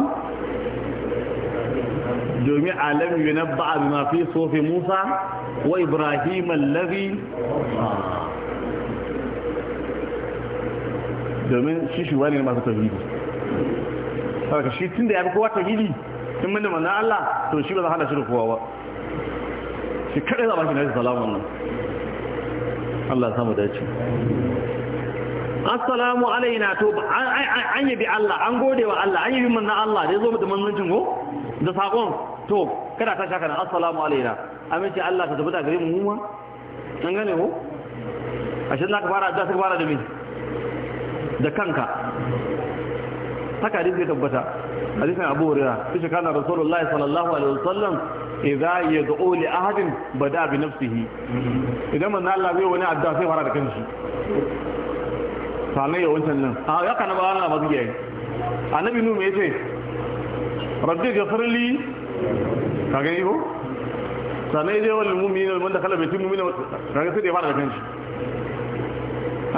domin alam yunabba a mafi sofi musa wa ibrahim allazi domin shi shi ne masu tauhidi haka shi tun da ya fi kowa tauhidi in mun da manzan Allah to shi ba za hana shi da kowa ba shi kaɗai za ba shi na shi salamu nan Allah ya samu dace assalamu alaina to an yabi Allah an gode wa Allah an yabi manzan Allah da ya zo da manzancin go da sakon to kada ta shaka na assalamu alaina amince Allah ka tabbata gare mu mu ma an gane ko ashe za ka fara da sai ka fara da mini da kanka haka hadisi ya tabbata hadisin Abu su shi kana Rasulullahi sallallahu alaihi wasallam idza yad'u li ahadin bada bi nafsihi idan manzo Allah labe wani addu'a sai fara da kanshi sanai ya wancan nan a ya kana ba Allah ba zai yi annabi nu me yace rabbi ghafirli ka ga yi ko sanai zai wal na wanda kala bai tin mu'minin kaga sai da fara da kanshi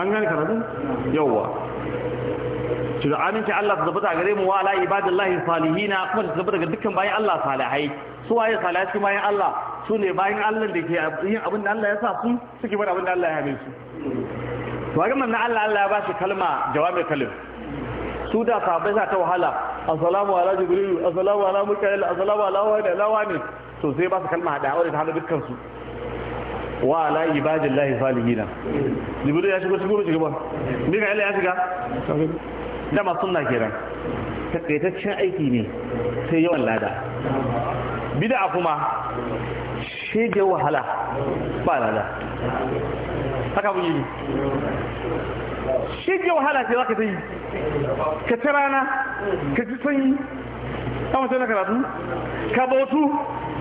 an gani karatu yawa wato da aminci Allah ta tabbata gare mu wa ala ibadillahi salihina kuma su tabbata ga dukkan bayan Allah salihai su waye salihai su bayan Allah su ne bayan Allah da ke yin abin da Allah ya sa su suke bar abin da Allah ya hame su to ga manna Allah Allah ya ba shi kalma jawabi kalim su da sahabbai za ta wahala assalamu ala jibril assalamu ala mikael assalamu ala wani ala to sai ba su kalma hada aure ta hada dukkan su wa ala ibadillahi salihina jibril ya shigo cikin mikael ya shiga dama sunna kenan takaitaccen aiki ne sai yawan lada bid'a kuma shege wahala ba lada haka bu yi shege wahala ce zaka yi ka ta rana ka ji sanyi ka mutu na karatu ka bautu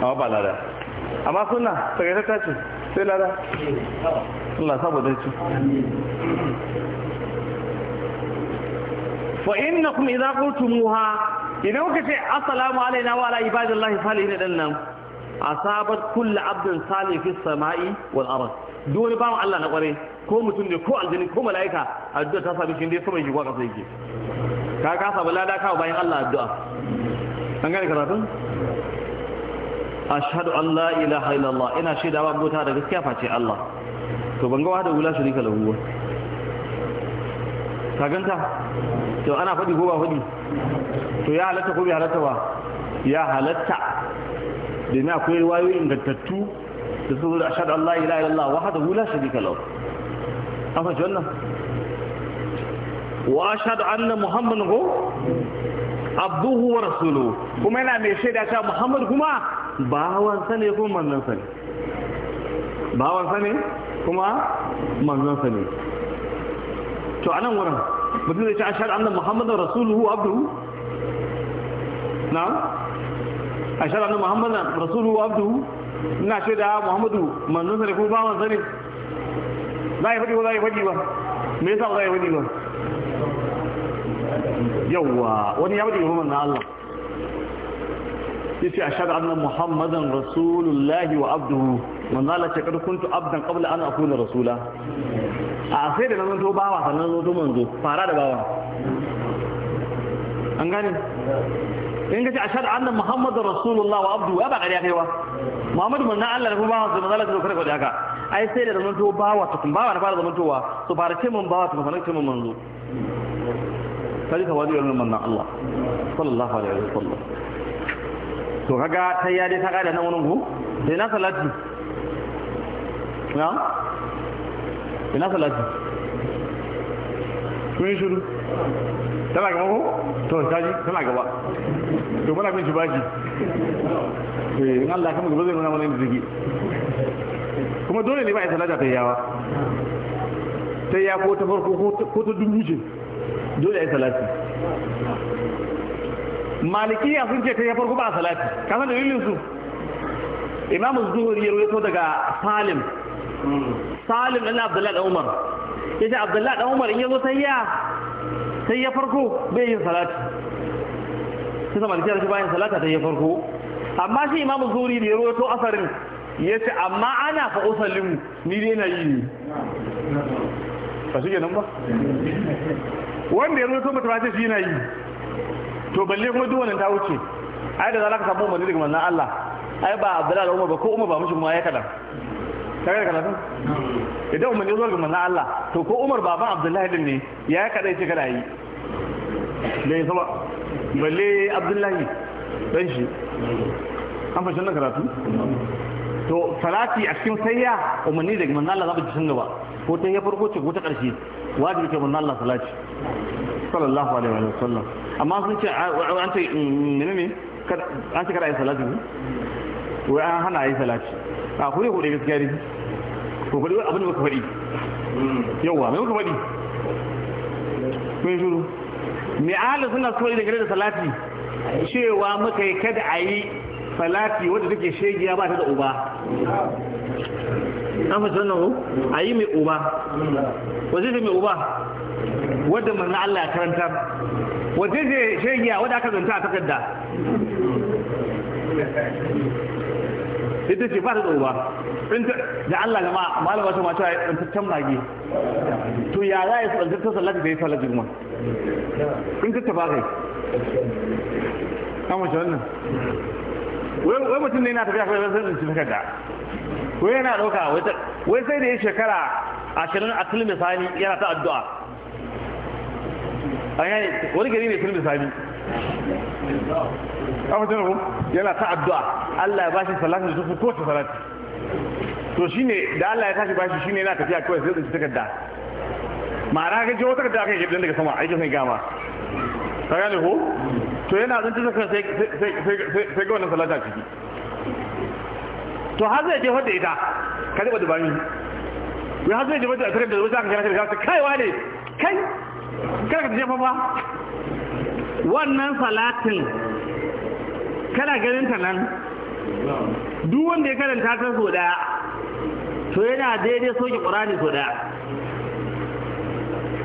amma ba lada amma sunna takaitaccen sai lada Allah saboda ci wa innakum idza qultumuha idan kuka ce assalamu alaina wa ala ibadillahi salihin dan nan asabat kullu abdin salih fi samai wal ard dole mu Allah na kware ko mutum ne ko aljini ko malaika addu'a ta sami shi dai sama shi kwa kasa yake ka ka sabu lada ka bayan Allah addu'a an gane karatun ashhadu an la ilaha illallah ina shaidawa bota da gaskiya face Allah to ban ga da wula shirika lahu Kaganta ganta to ana faɗi ko ba faɗi to ya halatta ko bai halatta ba ya halatta domin akwai riwayoyi ingantattu da su da ashadu Allah ila ila Allah wahada hula sharika lau an fahimci wannan wa ashadu anna Muhammad ko abduhu wa rasuluhu kuma yana mai shaida ta muhammad kuma bawan sa ne kuma manzon sa ne bawan sa ne kuma manzon sa ne to a nan wurin mutum zai ce ashar annan muhammadin rasuluhu abdu na'am ashar annan muhammadin rasuluhu Abdu? ina ce da muhammadu manzon sa da kuma bawan sa ne za a yi faɗi ba za a yi faɗi ba me yasa ba za a yi faɗi ba yawwa wani ya faɗi ba manzon Allah yace ashhadu anna muhammadan rasulullahi wa abduhu man zala ta kad kuntu abdan qabla an akuna rasula a sai da nan to bawa sannan zo to manzo fara da bawa an gane in ka ce ashhadu anna muhammadan rasulullah wa abduhu ba kariya kai ba muhammadu manzo Allah da kuma bawa sannan zala ta kada kada haka ai sai da zaman to bawa kun bawa na fara zamantowa To fara ce mun bawa tukun sanar ce mun manzo kalika wadi yawmin manna Allah sallallahu alaihi wasallam to kaga sai ya dai ta kada nan wurin ku sai eh, na salati na ina eh, salati kun yi shiru tana gaba ko to ta ji tana gaba to mana bin shi baji eh in Allah kuma gaba zai nuna mana inda zigi kuma dole ne ba yi salata ta yawa ta ya ko ta farko ko ta dubuje dole yi salati malikiya sun ce ta ya farko ba salati ka san dalilin su imamu zuhuri ya rawaito daga salim salim dan abdullahi dan umar yace abdullahi dan umar in yazo ta sai ya farko bai yin salati sai da shi bayan salata ta ya farko amma shi imamu zuhuri da ya rawaito asarin yace amma ana fa usallimu ni dai na yi ne ba shi nan ba wanda ya rawaito mutum ce shi na yi to balle kuma duk wannan ta wuce ai da za ka samu umarni daga manzon Allah ai ba Abdullahi Umar ba ko Umar ba mushin ma ya kada kaga da kadan idan umarni zo daga manzon Allah to ko Umar baban Abdullahi din ne ya kada ce kada yi bai saba balle Abdullahi dan shi an fashin nan karatu to salati a cikin sayya umarni daga manzon Allah za ku ji sun gaba ko ta ya farko ce ko ta karshe wajibi ce manzon Allah salati sallallahu alaihi wa sallam amma sun ce ah, an ce mm, mene ne an ce kada yi salati ne wa an hana yi salati a kure kure gaskiya ne ko kure abin da muka faɗi yawa me muka faɗi kun shuru me ahli suna so da gare da salati cewa muka yi kada a yi salati wadda take shegiya ba ta da uba an fasa nan a yi mai uba wazirin mai uba wadda manzan Allah ya karanta wace ce shegiya wadda aka zanta a takarda ita ce ba ta tsoro da Allah gama malama ta mata ya tsantaccen magi to ya za ya tsantaccen sallata da ya fara jirma in ta taba kai kama shi wannan wai mutum ne na tafiya kawai zai tsanci takarda wai yana ɗauka wai sai da ya shekara ashirin a tilmi sani yana ta addu'a an gane wani gari ne turmi sami a wajen rahu yana ta addu'a Allah ya bashi shi salatin da tafi kowace salati to shine da Allah ya tashi bashi shine yana tafiya kawai sai tsinci takarda ma'ana ga jiwo takarda kai yi gidan daga sama aikin sai gama ka gane ko to yana zan tsinci takarda sai ga wannan salata ciki to har zai je da ita ka riba da bani wai har zai je da takarda da wasu aka kira kai wane kai kada ka jefa ba wannan salatin kana ganin ta nan duk wanda ya karanta ta so daya to yana daidai soke ƙurani so daya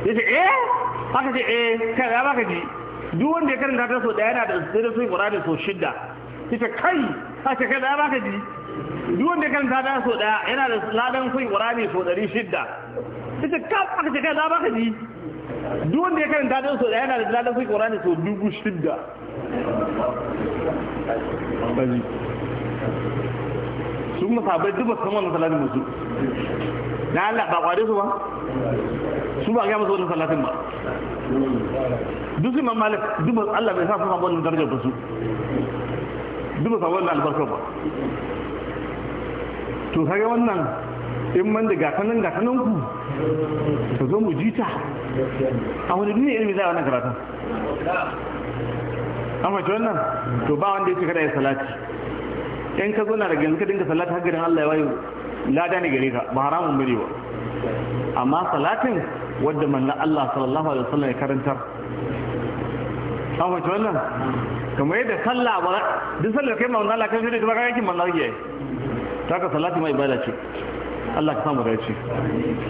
ya ce eh haka ce eh kai ya baka ji duk wanda ya karanta ta so daya yana da daidai soke ƙurani so shidda ya ce kai haka kai ya baka ji duk wanda ya karanta ta so daya yana da ladan soke ƙurani so ɗari shidda ya ce kaf haka ce kai ya baka ji duk wanda ya karanta don so da yana da ladan sai qur'ani so dubu shidda baji sun masabai duk ba su salatin musu na Allah ba kware su ba su ba ga musu wannan salatin ba duk su malik duba Allah bai sa su samu wannan darajar ba su duk ba samu wannan albarkar ba to kaga wannan in man daga da gatanan gatanan ku ka zo mu jita a wani duniya ilimi za a wannan karatun an mace wannan to ba wanda yake kada ya salati in ka zo na daga yanzu ka dinga salati har garin Allah ya wayo lada ne gare ka ba haramun bane ba amma salatin wadda manna Allah sallallahu alaihi wasallam ya karantar an mace wannan kamar yadda sallah ba duk sallar kai manna Allah kan shi ba kuma yake manna yake ta ka salati ma ibada ce Allah ka samu dace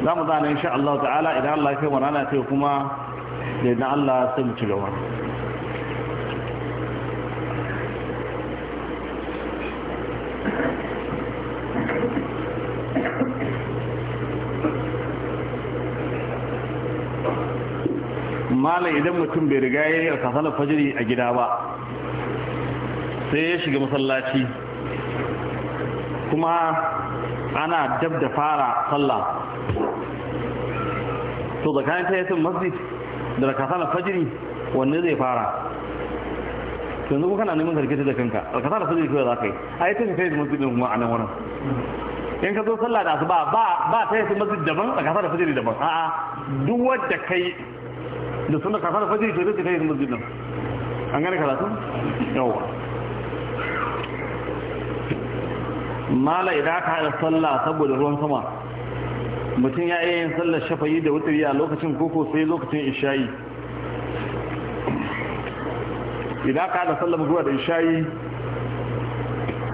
za mu zane insha Allah ta'ala idan Allah ya kai wa rana sai kuma da idan Allah sai mu ci gaba malam idan mutum bai riga ya yi a fajiri a gida ba sai ya shiga masallaci kuma ana dab da fara sallah to da kayan yasin masjid da rakata da fajiri wanne zai fara to yanzu kana neman karkata da kanka rakata da fajiri kawai za ka yi a yi tafi kai masjid din kuma a nan wurin in ka zo sallah da asuba ba ba ta yi masjid daban rakata da fajiri daban a'a duk wanda kai da sunan rakata da fajiri to zai ta masjid din an gane karatu yawa mala idan aka haɗa sallah saboda ruwan sama mutum ya iya yin sallar shafayi da wutar a lokacin koko sai lokacin ishayi idan aka haɗa sallar zuwa da ishayi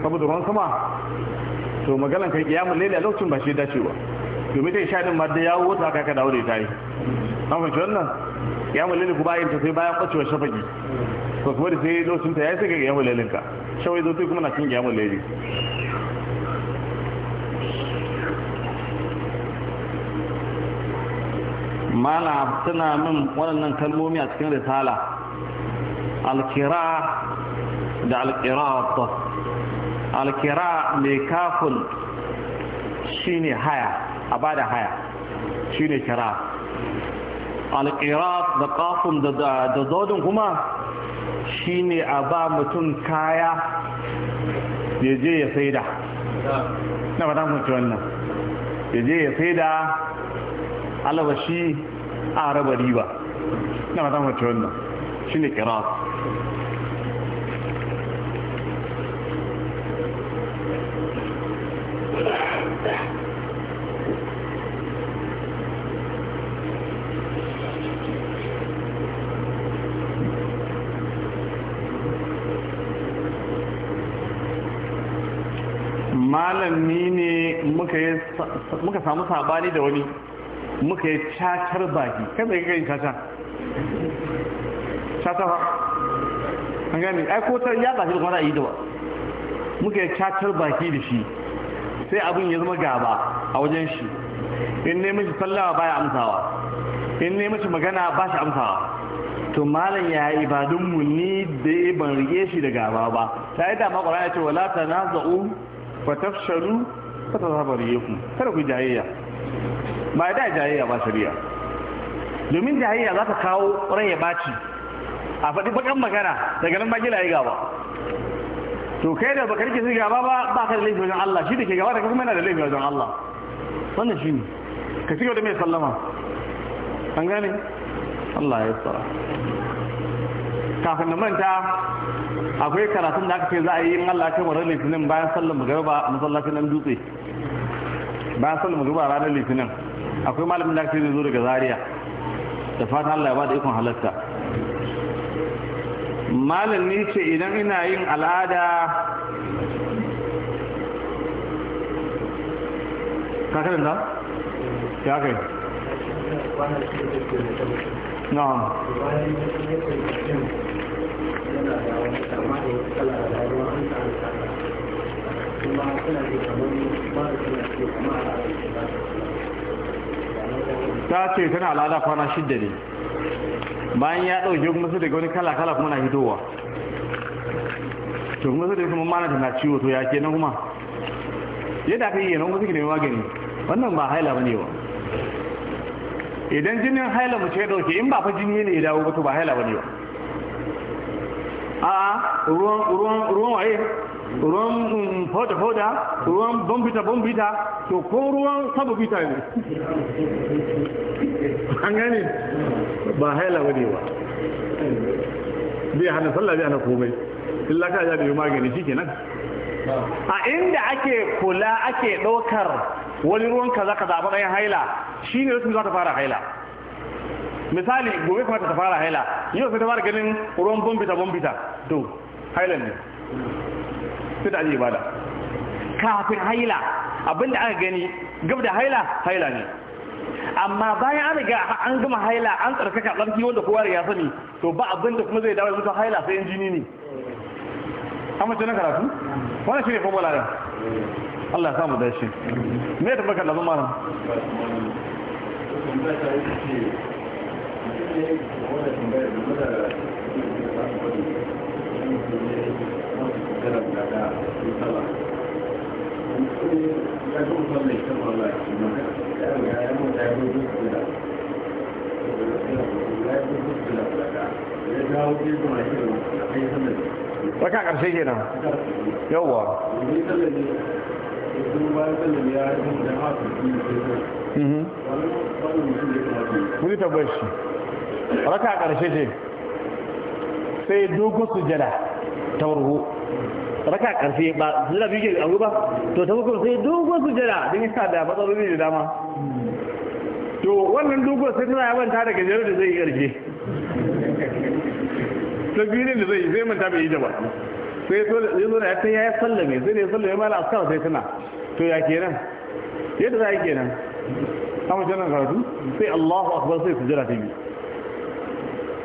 saboda ruwan sama to maganan kai kiyamun a lokacin ba shi dacewa domin ta ishayi din ma da yawo wata kaka dawo da ita yi an fahimci wannan kiyamun laila ku bayan ta sai bayan ɓacewar shafayi to kuma da sai lokacin ta ya yi sai ga kiyamun ka shawai zo sai kuma na cin kiyamun laili mana suna min waɗannan kalmomi a cikin risala alkira da alkirata alkira mai kafin shi ne haya a ba da haya ne kira alkira da kafin da zaudin kuma shi ne a ba mutum kaya ya je ya saida na ba ta wannan ya je ya saida alabashi a raba riba na zama mace wannan shi ne kiras malami ne muka samu sabani da wani muka yi cacar baki kai mai gani caca caca ba an gani ai ko ta ya ba shi da kwana yi da ba muka yi cacar baki da shi sai abin ya zama gaba a wajen shi in ne mishi sallawa baya amsawa in ne mishi magana ba shi amsawa to malam ya yi ibadunmu ni da ban rike shi da gaba ba ta yi dama ya ce wala ta na za'u fatafshalu fata zaɓar ku, kada ku jayayya ba da jayayya ba sariya domin jayayya za ta kawo rai ya baci a faɗi bakan magana daga nan magila ya gaba to kai da bakar ke su gaba ba ba ka da laifi wajen Allah shi da ke gaba da kuma yana da laifi wajen Allah wannan shi ne ka ci gaba da mai sallama an gane Allah ya tsara kafin na manta akwai karatun da aka ce za a yi in Allah kai ranar litinin bayan sallar magariba masallacin nan dutse bayan sallar magariba ranar litinin akwai malamin da aka zo daga zaria da fatan Allah ya ba da ikon halatta malam ne ce idan ina yin al'ada ka da? ya kai na'am Thank you. ta ce tana al'ada kwana shidda ne bayan ya ɗauke kuma su daga wani kala-kala kuma na hitowa to kuma su daga kuma mana tana ciwo to ya ke na kuma yadda aka yi yana kuma suke neman magani wannan ba haila ba ne ba idan jinin haila mu ce ɗauke in ba fa jini ne ya dawo ba to ba haila ba ne ba a'a ruwan waye ruwan hoda-hoda mm, ruwan bambita-bambita to ko ruwan sabobita ne an gane ba haila wani ba zai hana sallah zai hana komai illa ka ya da yi magani shi kenan a inda ake kula ake ɗaukar wani ruwan kaza kaza a matsayin haila shi ne wasu za ta fara haila misali gobe kamata ta fara haila yau sai ta fara ganin ruwan bombita bombita to hailan ne sai da ibada kafin haila abinda aka gani gab da haila haila ne amma bayan an riga an gama haila an tsarkaka tsarki wanda kowa ya sani to ba abinda kuma zai dawo mutum haila sai injini ne mace na karatu shi ne kuma lada Allah ya samu dashi me ya tabbaka da malam Thank you. kiran da ke nan, mhm. shi, raka ce, sai dogon sujada ta warho. raka karfe ba sujada biyu ke a ba to ta hukun sai dogon sujada don yasa da matsaloli da dama to wannan dogon sai tana yawan yabanta da gajeru da zai yi karfe ta biyu da zai yi zai manta bai yi da sai ya zo da ya ta ya sallame sai da ya sallame mala askar sai tana to ya kenan yadda za a yi kenan kama janar karatu sai allahu akbar sai sujada ta biyu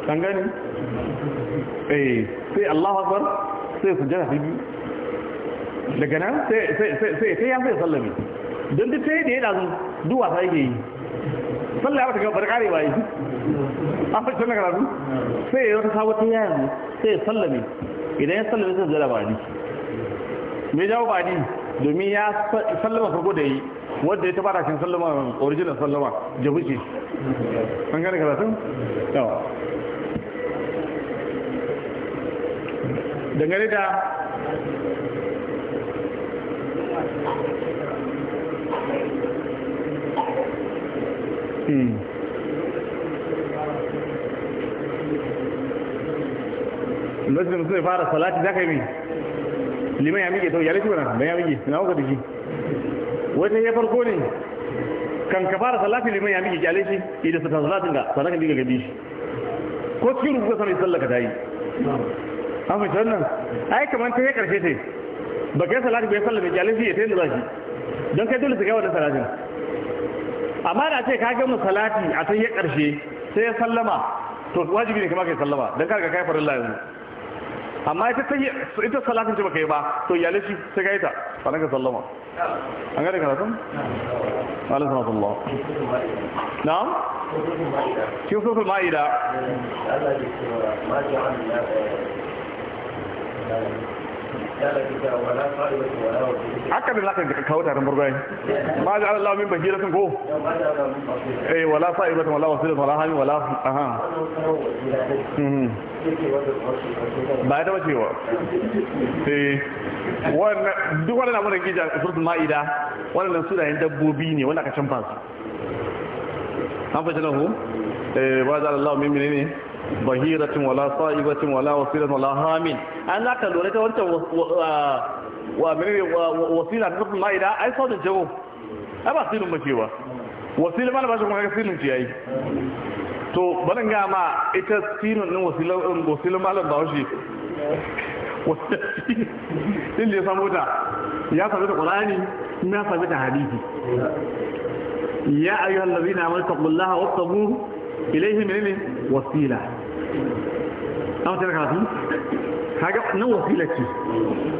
kan gani eh sai allahu akbar sai su jira biyu daga nan sai ta ya sai sallami don duk ta yi da ya dazu duwa sa yake yi Sallai ba ta gaba kare ba yi an fashe na karatu sai ya wata sabuwa ta yi yanzu sai ya sallami idan ya sallami sai jira ba ni mai jawo ba ni domin ya sallama farko da yi wadda ya taba rashin sallama original sallama jabuke an gane karatun yawa dangane da hmm. lokacin da mutum ya fara salati za ka yi mai liman ya miƙe ta yare shi wana da ya miƙe na kuka jiki wajen ya farko ne kan ka fara salati liman ya miƙe kyale shi idan sa salatin ka sanakan diga gabi shi ko cikin rubuta sami sallaka ta yi an fahimci wannan ai kamar ta yi karshe ce ba kai salati bai sallah bai kyalin fiye ta yadda za shi don kai dole su kai wannan salatin amma da ce ka gama salati a ta yi karshe sai ya sallama to wajibi ne kama kai sallama don ka ga kai farin layanzu amma ita ta ita salatin ce baka yi ba to iyalai sai ka yi ta ba ka sallama an gane karatun alaihi sallallahu na'am kin sosul ma'ida aka da zaka da kawo tarin burgoyi ba ji Allah min bahira sun ko eh wala sa'iba wala wasila wala hami wala aha mhm. ba ta bace wa eh wannan duk wannan abin da ke ja surtu maida wannan su da yin dabbobi ne wannan ka canfa su an fashe hu eh ba za Allah min menene bahiratin wala sa'ibatin wala wasilan wala hamin an za ka lura ta wancan wa mene wasila ta zafin ma'ida ai sau da jawo ai ba silin mace ba wasila ma na bashi kuma ga silin ce yayi to bana ga ma ita silin din wasilin malam ba washe inda ya samu ta ya samu ta ƙulani ya sami ta hadisi ya ayyuhallazina amal taqullaha wattaquhu ilayhi menene wasila an kaga nan wasila ce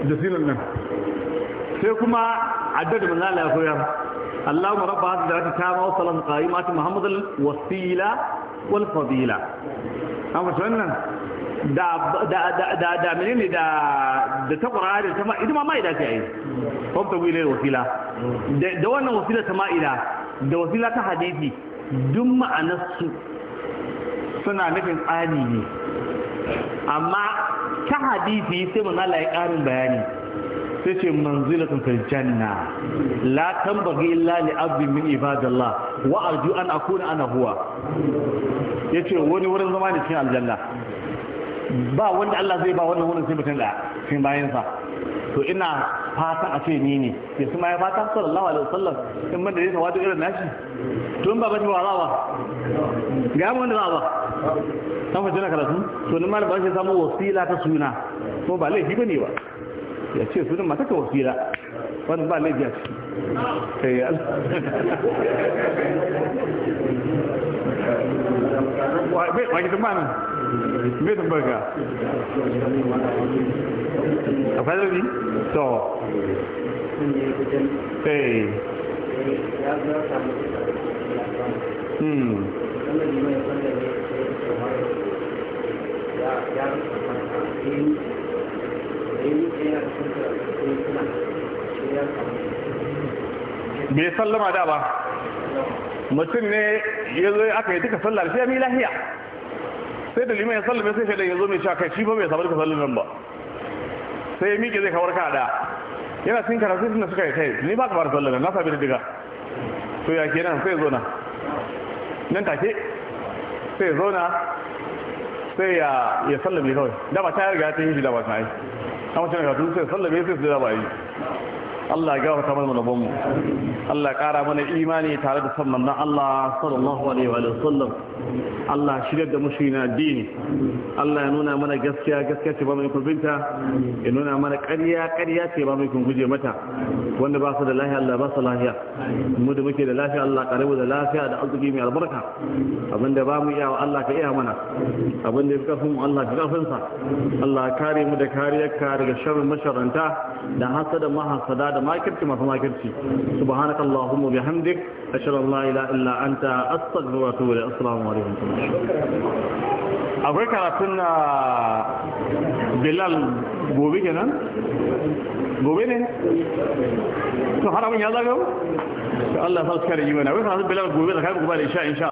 da sai kuma addada manzala ya koyar اللهم رب هذه الدعوة التامة وصلاة قائمة محمد الوسيلة والفضيلة أما شوانا da da da da da menene da da ta Qur'ani ta ita ma maida ce yi. ko ta wile wasila da wannan wasila ta maida da wasila ta hadisi duk ma'anar su suna nufin ne amma ta hadisi sai mun Allah ya ƙarin bayani sai ce manzilatun fil janna la tambaghi illa li abdi min ibadallah wa arju an akuna ana huwa yace wani wurin zama ne cikin aljanna ba wanda Allah zai ba wannan wurin sai mutum da cikin bayansa to ina fata a ce ni ne ya su ma ya fata sallallahu alaihi wasallam in ban da zai tawadu irin nashi to in ba bace wa rawa ga mu wanda rawa san fa jina karatu to ni malam ban shi samu wasila ta suna ko ba laifi bane ba ya ce sunan mata ka wasila wannan ba laifi a ciki sai ya wa bai wa gidan ba nan me da a fadari to eh hmm bai sallama da ba mutum ne ya zo aka yi duka sallar sai ya mi lahiya sai da liman ya sallame sai shaidan ya zo mai sha kai shi ba mai sabar ka sallamen ba sai ya miƙe zai kawar kaɗa yana cin karatu suna suka yi kai ni ba ka fara sallamen na sabi da diga to ya kenan sai zo na nan take sai zo na sai ya ya sallame kawai da ba ta riga ta yi shi da ba ta yi amma cin karatu sai sallame sai su da ba yi Allah ya gafarta mana mu Allah ya kara mana imani tare da sannan Allah sallallahu alaihi wa sallam Allah shirya da mu na addini Allah ya nuna mana gaskiya gaskiya ce ba mu kurbinta ya nuna mana ƙarya ƙarya ce ba mu kun guje mata wanda ba su da lafiya Allah ba su lafiya mu da muke da lafiya Allah karabu da lafiya da arziki mai albarka abinda ba mu iya wa Allah ka iya mana abinda ya karfin Allah ka karfin sa Allah kare mu da kariyarka daga sharrin masharanta da hasada mahasada da makirci masu makirci subhanakallahumma bihamdik ashhadu an la ilaha illa anta astaghfiruka wa atubu ilayk assalamu alaikum akwai karatun na bilal gobe kenan gobe ne to haramun ya zagayo Allah ya sa su kare yi mana wai karatun bilal gobe da kai gobe da insha insha